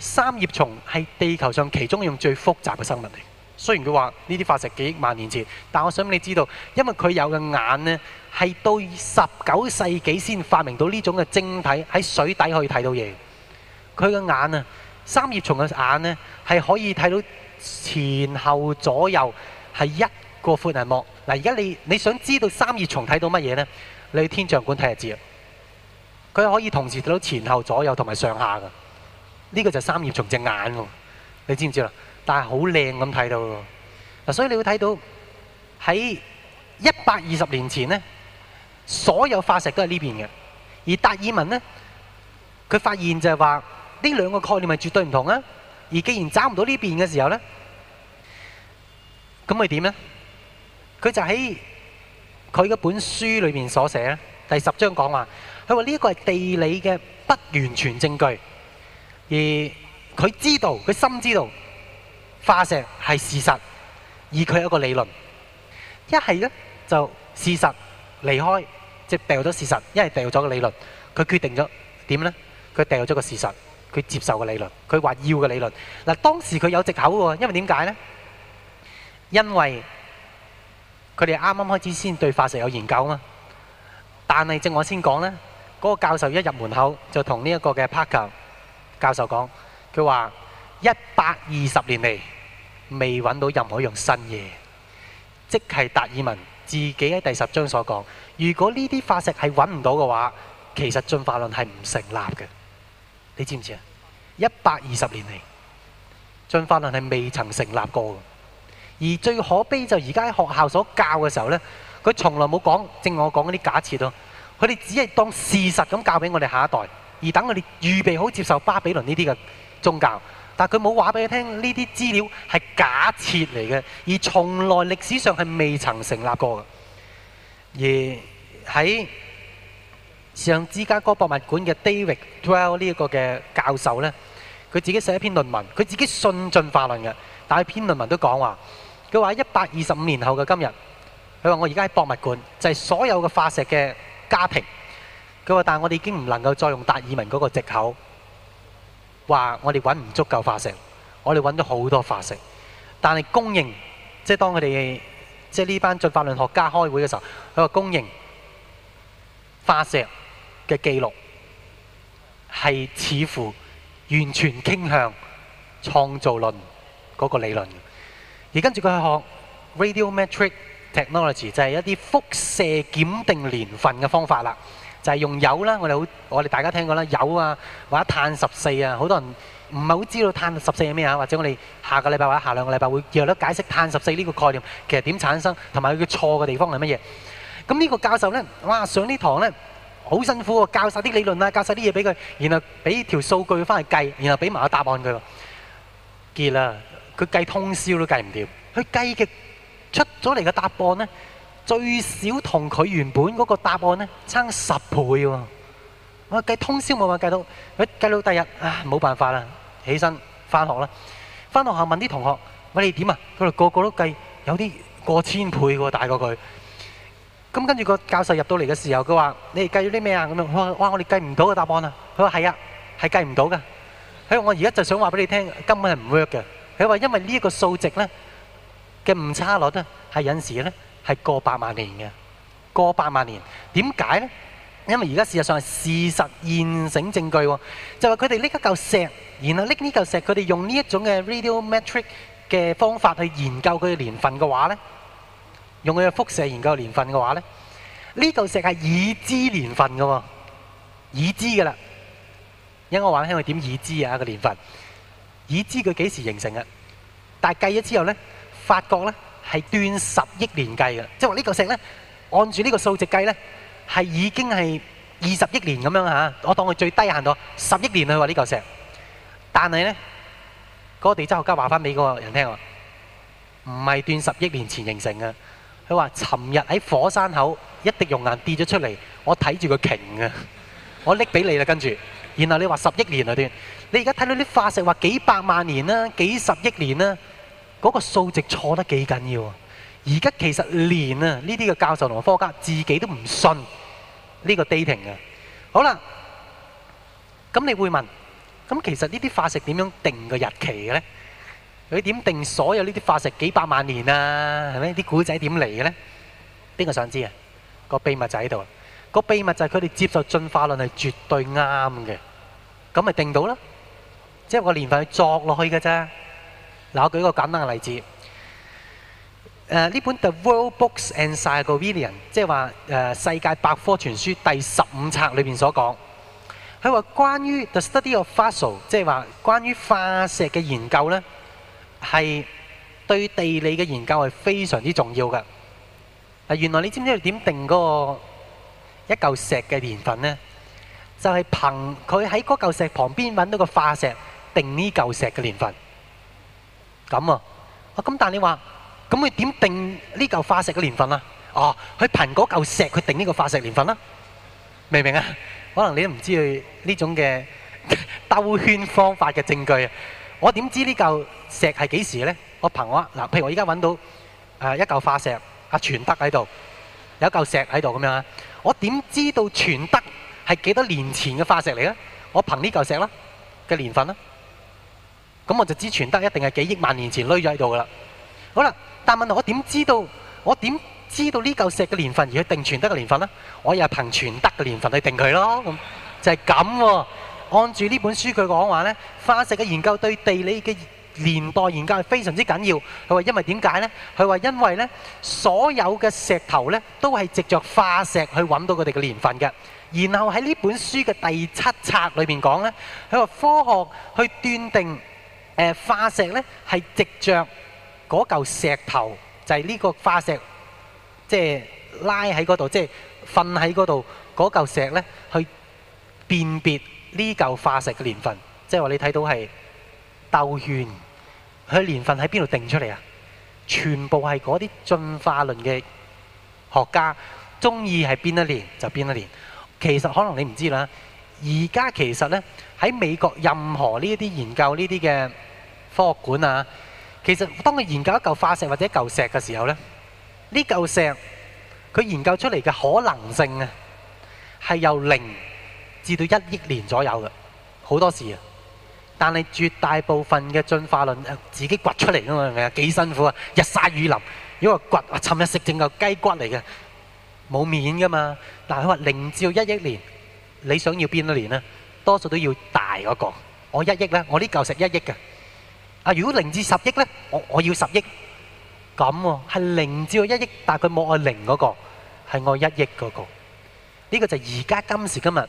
三葉蟲係地球上其中一種最複雜嘅生物嚟。雖然佢話呢啲化石幾億萬年前，但我想你知道，因為佢有嘅眼咧。係到十九世紀先發明到呢種嘅晶體喺水底可以睇到嘢。佢嘅眼啊，三葉蟲嘅眼呢，係可以睇到前後左右係一個闊銀幕。嗱，而家你你想知道三葉蟲睇到乜嘢呢？你去天象館睇下就知。佢可以同時睇到前後左右同埋上下㗎。呢個就係三葉蟲隻眼喎，你知唔知啦？但係好靚咁睇到。嗱，所以你會睇到喺一百二十年前呢。所有化石都係呢邊嘅，而達爾文呢，佢發現就係話呢兩個概念係絕對唔同啊！而既然找唔到呢邊嘅時候呢，咁會點呢？佢就喺佢嗰本書裏面所寫咧，第十章講話，佢話呢一個係地理嘅不完全證據，而佢知道佢深知道化石係事實，而佢有一個理論，一係呢，就事實離開。即係掉咗事實，一係掉咗個理論。佢決定咗點呢？佢掉咗個事實，佢接受個理論，佢話要嘅理論。嗱，當時佢有藉口喎，因為點解呢？因為佢哋啱啱開始先對化石有研究啊嘛。但係正如我先講呢，嗰個教授一入門口就同呢一個嘅 Park 教授講，佢話一百二十年嚟未揾到任何一樣新嘢，即係達爾文。自己喺第十章所講，如果呢啲化石係揾唔到嘅話，其實進化論係唔成立嘅。你知唔知啊？一百二十年嚟，進化論係未曾成立過嘅。而最可悲就而家喺學校所教嘅時候呢，佢從來冇講正我講嗰啲假設咯。佢哋只係當事實咁教俾我哋下一代，而等我哋預備好接受巴比倫呢啲嘅宗教。但佢冇話俾你聽，呢啲資料係假設嚟嘅，而從來歷史上係未曾成立過嘅。而喺上芝加哥博物館嘅 David Well 呢一個嘅教授呢，佢自己寫一篇論文，佢自己信進化論嘅，但係篇論文都講話，佢話一百二十五年後嘅今日，佢話我而家喺博物館就係所有嘅化石嘅家庭，佢話但係我哋已經唔能夠再用達爾文嗰個藉口。話我哋揾唔足夠化石，我哋揾咗好多化石，但係公認，即係當佢哋即係呢班進化論學家開會嘅時候，佢話公認化石嘅記錄係似乎完全傾向創造論嗰個理論。而跟住佢去學 radiometric technology，就係一啲輻射檢定年份嘅方法啦。就係用油啦，我哋好，我哋大家聽過啦，油啊，或者碳十四啊，好多人唔係好知道碳十四係咩啊？或者我哋下個禮拜或者下兩個禮拜會有得解釋碳十四呢個概念，其實點產生同埋佢錯嘅地方係乜嘢？咁呢個教授呢，哇，上呢堂呢，好辛苦喎，教晒啲理論啊，教晒啲嘢俾佢，然後俾條數據翻去計，然後俾埋個答案佢，結啦，佢計通宵都計唔掂，佢計嘅出咗嚟嘅答案呢。最少同佢原本嗰個答案呢差十倍喎！我計通宵冇，冇計到，佢計到第二日啊，冇辦法啦，起身翻學啦。翻學校問啲同學：「喂，你點啊？佢哋個個都計有啲過千倍嘅喎，大過佢。咁跟住個教授入到嚟嘅時候，佢話：「你哋計咗啲咩啊？咁樣，哇！我哋計唔到嘅答案啊！佢話：係啊，係計唔到㗎。佢話我而家就想話俾你聽，根本係唔 work 嘅。佢話：因為呢一個數值呢嘅誤差率呢係有陣時呢。係過百萬年嘅。過百萬年點解呢？因為而家事實上係事實現成證據喎，就係佢哋拎一嚿石，然後拎呢嚿石，佢哋用呢一種嘅 radiometric 嘅方法去研究佢嘅年份嘅話呢。用佢嘅輻射研究年份嘅話呢，呢嚿石係已知年份嘅喎，已知嘅啦。應該因為我玩喺度點已知啊個年份，已知佢幾時形成嘅。但係計咗之後呢，發覺呢。係斷十億年計嘅，即係話呢嚿石咧，按住呢個數值計咧，係已經係二十億年咁樣嚇。我當佢最低限度十億年啦，話呢嚿石。但係咧，嗰個地質學家話翻俾嗰個人聽話，唔係斷十億年前形成嘅。佢話，尋日喺火山口一滴熔岩跌咗出嚟，我睇住佢鉗嘅，我拎俾你啦。跟住，然後你話十億年啊，斷。你而家睇到啲化石話幾百萬年啦，幾十億年啦。嗰個數值錯得幾緊要啊！而家其實連啊，呢啲嘅教授同科學家自己都唔信呢個 dating 嘅。好啦，咁你會問，咁其實呢啲化石點樣定個日期嘅咧？佢點定所有呢啲化石幾百萬年啊？係咪啲古仔點嚟嘅咧？邊個想知啊？個秘密就喺度。個秘密就係佢哋接受進化論係絕對啱嘅，咁咪定到啦。即係個年份去作落去嘅啫。嗱，我舉一個簡單嘅例子。誒、呃，呢本《The World Books and Encyclopedia》即係話、呃、世界百科全書第十五冊裏面所講，佢話關於 The Study of Fossil，即係話關於化石嘅研究咧，係對地理嘅研究係非常之重要嘅。嗱、呃，原來你知唔知道點定嗰個一嚿石嘅年份咧？就係憑佢喺嗰嚿石旁邊揾到一個化石，定呢嚿石嘅年份。咁啊，啊咁但你話，咁佢點定呢嚿化石嘅年份啊？哦，佢憑嗰嚿石去定呢個化石的年份啦、啊，明唔明啊？可能你都唔知佢呢種嘅兜 [laughs] 圈方法嘅證據。我點知呢嚿石係幾時咧？我憑我嗱，譬如我而家揾到誒、呃、一嚿化石，阿全德喺度有一嚿石喺度咁樣，我點知道全德係幾多年前嘅化石嚟咧？我憑呢嚿石啦嘅年份啦、啊。咁我就知全德一定係幾億萬年前匿咗喺度㗎喇。好啦，但問我點知道？我點知道呢嚿石嘅年份而去定全德嘅年份咧？我又憑全德嘅年份去定佢咯。咁就係咁喎。按住呢本書佢講話咧，化石嘅研究對地理嘅年代研究係非常之緊要。佢話因為點解咧？佢話因為咧，所有嘅石頭咧都係藉著化石去揾到佢哋嘅年份嘅。然後喺呢本書嘅第七冊裏面講咧，佢話科學去斷定。化石呢係直着嗰嚿石頭，就係呢個化石，即係拉喺嗰度，即係瞓喺嗰度，嗰嚿石呢去辨別呢嚿化石嘅年份。即係話你睇到係鬥圈，佢年份喺邊度定出嚟啊？全部係嗰啲進化論嘅學家中意係邊一年就邊一年。其實可能你唔知啦。而家其實呢，喺美國任何呢啲研究呢啲嘅。科學館啊，其實當佢研究一嚿化石或者一嚿石嘅時候咧，呢嚿石佢研究出嚟嘅可能性啊，係由零至到一億年左右嘅好多時啊。但係絕大部分嘅進化論係自己掘出嚟㗎嘛，係咪啊？幾辛苦啊！日曬雨淋，因為掘啊，尋日食整嚿雞骨嚟嘅冇面㗎嘛。但係佢話零至到一億年，你想要邊一年咧？多數都要大嗰個。我一億咧，我呢嚿石一億嘅。啊！如果零至十億呢？我我要十億，咁喎係零至一億，但係佢冇我零嗰、那個，係我一億嗰個。呢、這個就而家今時今日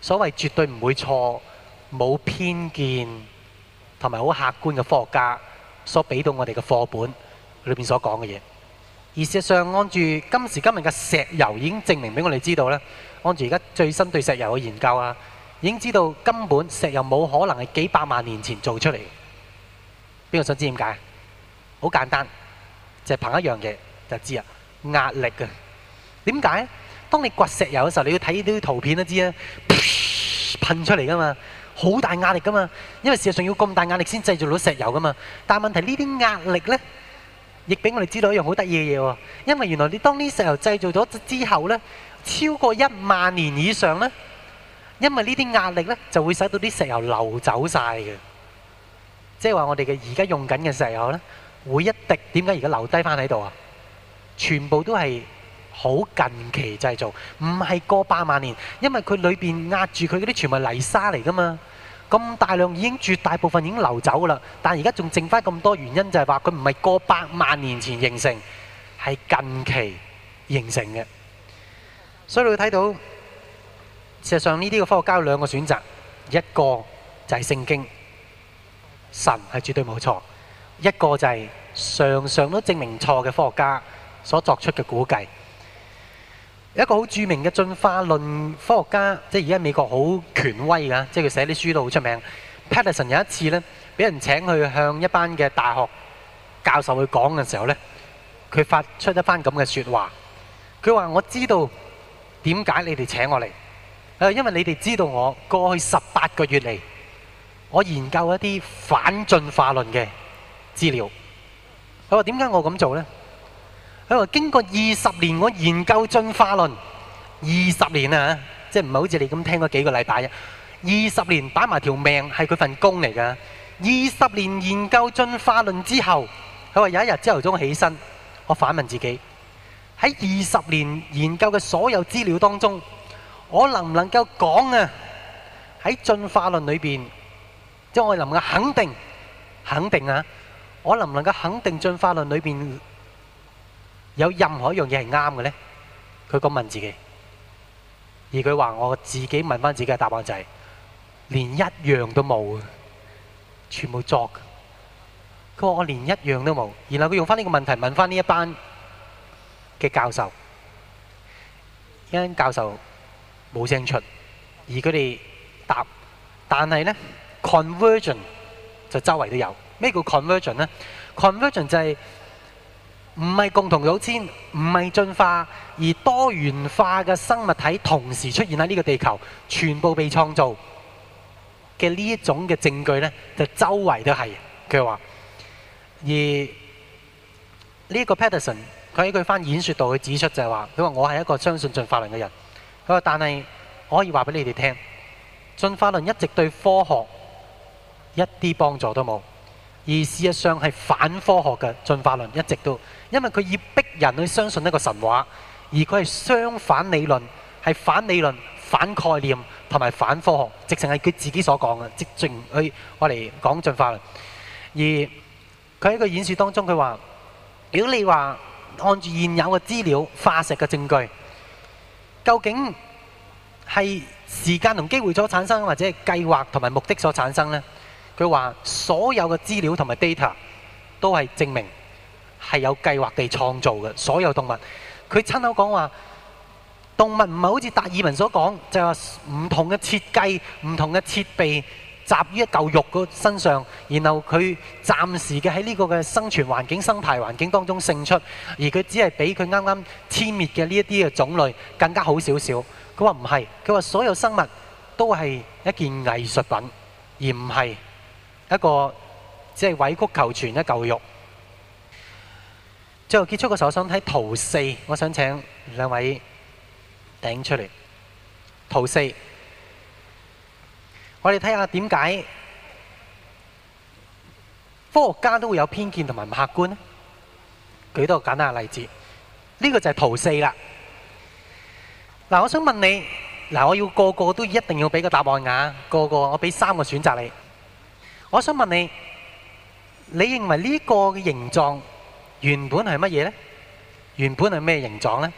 所謂絕對唔會錯、冇偏見同埋好客觀嘅科學家所俾到我哋嘅課本裏面所講嘅嘢，而事實上按住今時今日嘅石油已經證明俾我哋知道呢，按住而家最新對石油嘅研究啊。已經知道根本石油冇可能係幾百萬年前做出嚟。邊個想知點解？好簡單，就係憑一樣嘢就知呀。壓力呀。點解？當你掘石油嘅時候，你要睇呢啲圖片都知啊，噴出嚟噶嘛，好大壓力噶嘛。因為事實上要咁大壓力先製造到石油噶嘛。但係問題呢啲壓力呢，亦俾我哋知道一樣好得意嘅嘢喎。因為原來你當呢石油製造咗之後呢，超過一萬年以上呢，因為呢啲壓力呢，就會使到啲石油流走曬嘅。即係話我哋嘅而家用緊嘅石油呢，每一滴點解而家留低返喺度啊？全部都係好近期製造，唔係過百萬年。因為佢裏邊壓住佢嗰啲全部泥沙嚟㗎嘛。咁大量已經絕大部分已經流走啦，但係而家仲剩翻咁多，原因就係話佢唔係過百萬年前形成，係近期形成嘅。所以你會睇到。事實上呢啲嘅科學家有兩個選擇，一個就係聖經，神係絕對冇錯；一個就係常常都證明錯嘅科學家所作出嘅估計。一個好著名嘅進化論科學家，即係而家美國好權威㗎，即係佢寫啲書都好出名。Patterson 有一次呢，俾人請去向一班嘅大學教授去講嘅時候呢，佢發出一番咁嘅説話。佢話：我知道點解你哋請我嚟。誒，因為你哋知道我過去十八個月嚟，我研究一啲反進化論嘅資料。佢話點解我咁做呢？佢話經過二十年我研究進化論，二十年啊，即係唔係好似你咁聽嗰幾個禮拜啊。二十年打埋條命係佢份工嚟噶。二十年研究進化論之後，佢話有一日朝頭早起身，我反問自己喺二十年研究嘅所有資料當中。我能唔能夠講啊？喺進化論裏邊，即係我能夠肯定，肯定啊！我能唔能夠肯定進化論裏邊有任何一樣嘢係啱嘅呢？佢咁問自己，而佢話我自己問翻自己嘅答案就係連一樣都冇，全部作。佢話我連一樣都冇，然後佢用翻呢個問題問翻呢一班嘅教授，呢班教授。冇聲出，而佢哋答，但係呢，conversion 就周圍都有。咩叫 conversion 呢？conversion 就係唔係共同祖先，唔係進化，而多元化嘅生物體同時出現喺呢個地球，全部被創造嘅呢一種嘅證據呢，就周圍都係。佢話，而呢個 Patterson 佢喺佢翻演説度去指出就係話，佢話我係一個相信進化論嘅人。佢話：但係我可以話俾你哋聽，進化論一直對科學一啲幫助都冇，而事實上係反科學嘅。進化論一直都，因為佢以逼人去相信一個神話，而佢係相反理論，係反理論、反概念同埋反科學，直情係佢自己所講嘅。直情去我嚟講進化論，而佢喺個演説當中佢話：表你話按住現有嘅資料、化石嘅證據。究竟係時間同機會所產生，或者係計劃同埋目的所產生呢？佢話所有嘅資料同埋 data 都係證明係有計劃地創造嘅。所有動物，佢親口講話動物唔係好似達爾文所講，就係話唔同嘅設計、唔同嘅設備。集於一嚿肉個身上，然後佢暫時嘅喺呢個嘅生存環境、生態環境當中勝出，而佢只係比佢啱啱滅絕嘅呢一啲嘅種類更加好少少。佢話唔係，佢話所有生物都係一件藝術品，而唔係一個只係委曲求全一嚿肉。最後結束嘅時候，我想睇圖四，我想請兩位頂出嚟圖四。我哋睇下點解科學家都會有偏見同埋唔客觀咧？舉多個簡單嘅例子，呢個就係圖四啦。嗱，我想問你，嗱，我要個個都一定要俾個答案。個個我俾三個選擇你，我想問你，你認為呢個嘅形狀原本係乜嘢咧？原本係咩形狀咧？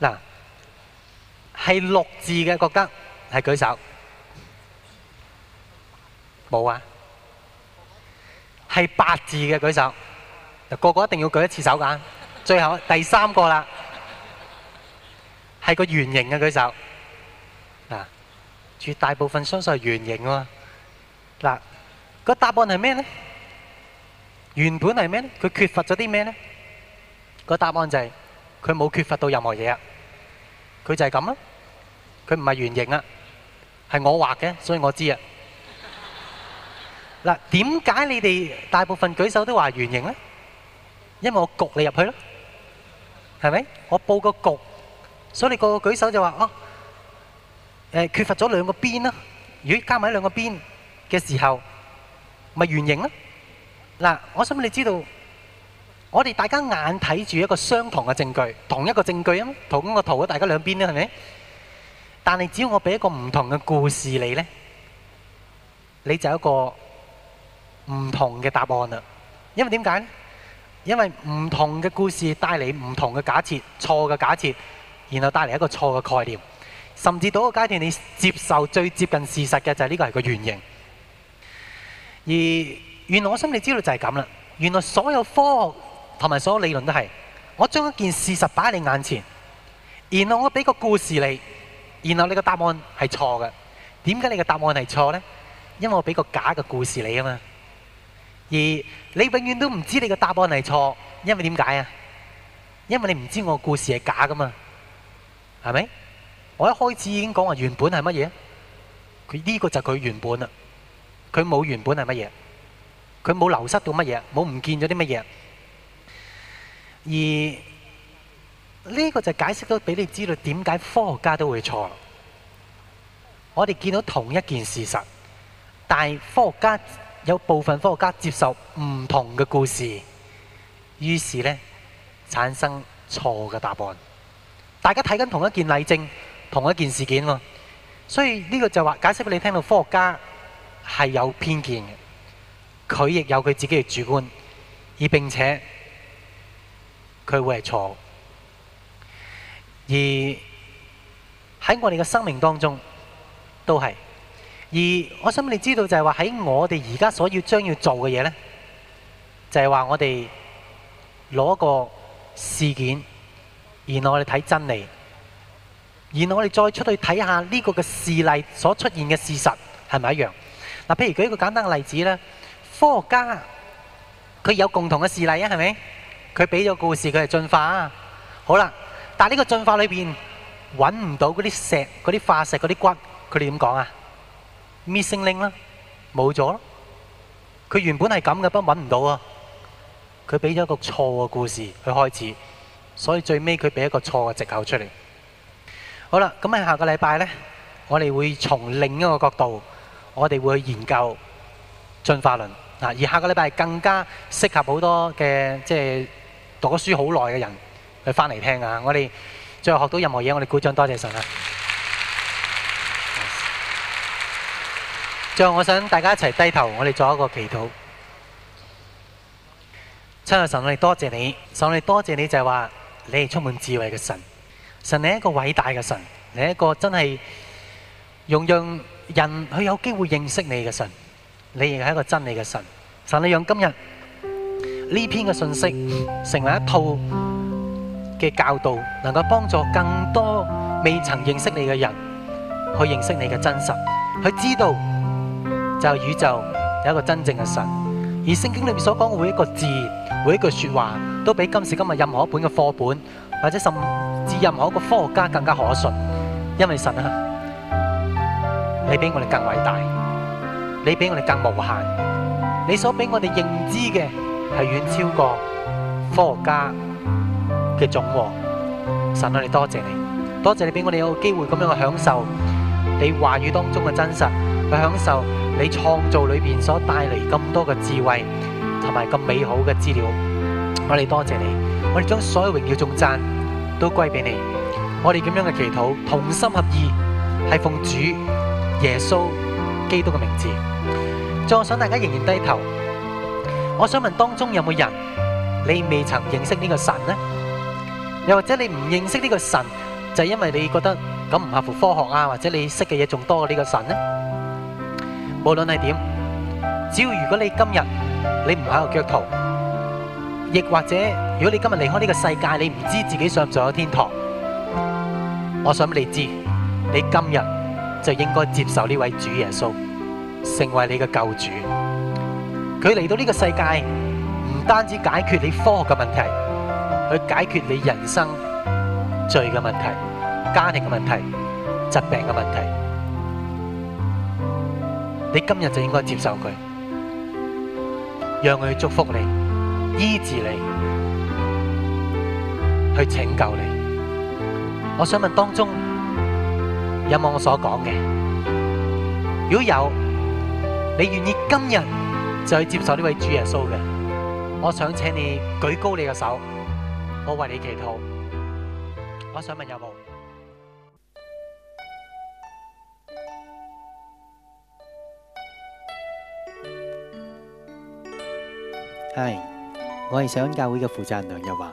嗱，係六字嘅，覺得係舉手。冇啊，係八字嘅舉手。嗱，個個一定要舉一次手噶最後第三個啦，係個圓形嘅舉手。嗱，絕大部分相信係圓形咯。嗱，個答案係咩呢？原本係咩呢？佢缺乏咗啲咩呢？個答案就係佢冇缺乏到任何嘢啊，佢就係咁啊，佢唔係圓形啊，係我畫嘅，所以我知啊。嗱，點解你哋大部分舉手都話圓形咧？因為我局你入去啦，係咪？我佈個局，所以你個舉手就話哦，誒缺乏咗兩個邊啦。如果加埋兩個邊嘅時候，咪圓形啦。嗱，我想你知道，我哋大家眼睇住一個相同嘅證據，同一個證據咁同一個圖啊，大家兩邊咧係咪？但係只要我俾一個唔同嘅故事你咧，你就一個唔同嘅答案啊，因為點解？因為唔同嘅故事帶嚟唔同嘅假設，錯嘅假設，然後帶嚟一個錯嘅概念，甚至到個階段你接受最接近事實嘅就係呢個係個原型。而原來我心裏知道就係咁啦，原來所有科學同埋所有理論都係，我將一件事實擺喺你眼前，然後我俾個故事你，然後你個答案係錯嘅。點解你個答案係錯呢？因為我俾個假嘅故事你啊嘛。而你永遠都唔知你個答案係錯，因為點解啊？因為你唔知我個故事係假噶嘛，係咪？我一開始已經講話原本係乜嘢？佢呢個就佢原本啦，佢冇原本係乜嘢，佢冇流失到乜嘢，冇唔見咗啲乜嘢。而呢個就解釋到俾你知道點解科學家都會錯。我哋見到同一件事實，但係科學家。有部分科學家接受唔同嘅故事，於是呢產生錯嘅答案。大家睇緊同一件例證，同一件事件。所以呢個就話解釋俾你聽到，科學家係有偏見嘅，佢亦有佢自己嘅主觀，而並且佢會係錯。而喺我哋嘅生命當中，都係。而我想你知道就係話喺我哋而家所要將要做嘅嘢呢，就係話我哋攞個事件，然後我哋睇真理，然後我哋再出去睇下呢個嘅事例所出現嘅事實係咪一樣？嗱，譬如舉一個簡單嘅例子啦，科學家佢有共同嘅事例啊，係咪？佢俾咗故事，佢係進化，好啦，但係呢個進化裏邊揾唔到嗰啲石、嗰啲化石、嗰啲骨，佢哋點講啊？missing link 啦，冇咗啦。佢原本係咁嘅，不過揾唔到啊。佢俾咗個錯嘅故事去開始，所以最尾佢俾一個錯嘅藉口出嚟。好啦，咁喺下個禮拜呢，我哋會從另一個角度，我哋會去研究進化論啊。而下個禮拜更加適合好多嘅，即係讀咗書好耐嘅人去翻嚟聽啊。我哋最後學到任何嘢，我哋鼓掌，多謝神啊！最後我想大家一齊低頭，我哋做一個祈禱。親愛的神，我哋多謝你，神，我哋多謝你就係話，你係充滿智慧嘅神，神你係一個偉大嘅神，你係一個真係用讓人去有機會認識你嘅神，你亦係一個真理嘅神。神你用今日呢篇嘅信息成為一套嘅教導，能夠幫助更多未曾認識你嘅人去認識你嘅真實，去知道。就是、宇宙有一個真正嘅神，而聖經裏面所講每一個字，每一句說話，都比今時今日任何一本嘅課本，或者甚至任何一個科學家更加可信。因為神啊，你比我哋更偉大，你比我哋更無限，你所俾我哋認知嘅係遠超過科學家嘅總和。神啊，你多謝你，多謝你俾我哋有個機會咁樣享的去享受，你話語當中嘅真實去享受。你創造裏邊所帶嚟咁多嘅智慧，同埋咁美好嘅資料，我哋多謝你，我哋將所有榮耀頌讚都歸俾你。我哋咁樣嘅祈禱，同心合意，係奉主耶穌基督嘅名字。我想大家仍然低頭，我想問當中有冇人你未曾認識呢個神呢？又或者你唔認識呢個神，就係因為你覺得咁唔合乎科學啊，或者你識嘅嘢仲多過呢個神呢？無論係點，只要如果你今日你唔喺個腳土，亦或者如果你今日離開呢個世界，你唔知自己上唔上咗天堂，我想你知，你今日就應該接受呢位主耶穌，成為你嘅救主。佢嚟到呢個世界，唔單止解決你科學嘅問題，去解決你人生罪嘅問題、家庭嘅問題、疾病嘅問題。你今日就應該接受佢，讓佢去祝福你、醫治你、去拯救你。我想問當中有冇我所講嘅？如果有，你願意今日就去接受呢位主耶穌嘅？我想請你舉高你嘅手，我為你祈禱。我想問有冇？係，我係上教會嘅負責人梁日華，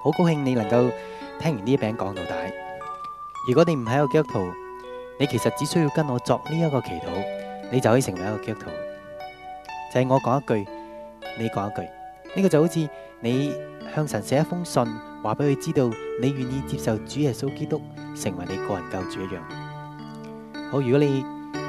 好高興你能夠聽完呢一餅講到底。如果你唔係一個基督徒，你其實只需要跟我作呢一個祈禱，你就可以成為一個基督徒。就係、是、我講一句，你講一句，呢、這個就好似你向神寫一封信，話俾佢知道你願意接受主耶穌基督成為你個人救主一樣。好，如果你。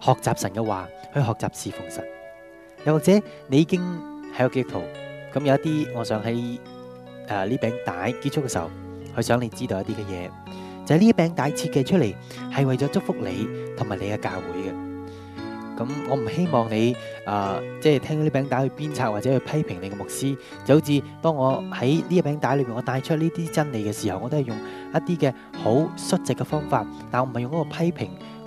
學習神嘅話，去學習侍奉神。又或者你已經喺個基督徒，咁有一啲，我想喺誒呢餅帶結束嘅時候，去想你知道一啲嘅嘢，就係呢一餅帶設計出嚟係為咗祝福你同埋你嘅教會嘅。咁我唔希望你誒即係聽呢餅帶去鞭策或者去批評你嘅牧師，就好似當我喺呢一餅帶裏面，我帶出呢啲真理嘅時候，我都係用一啲嘅好率直嘅方法，但係我唔係用嗰個批評。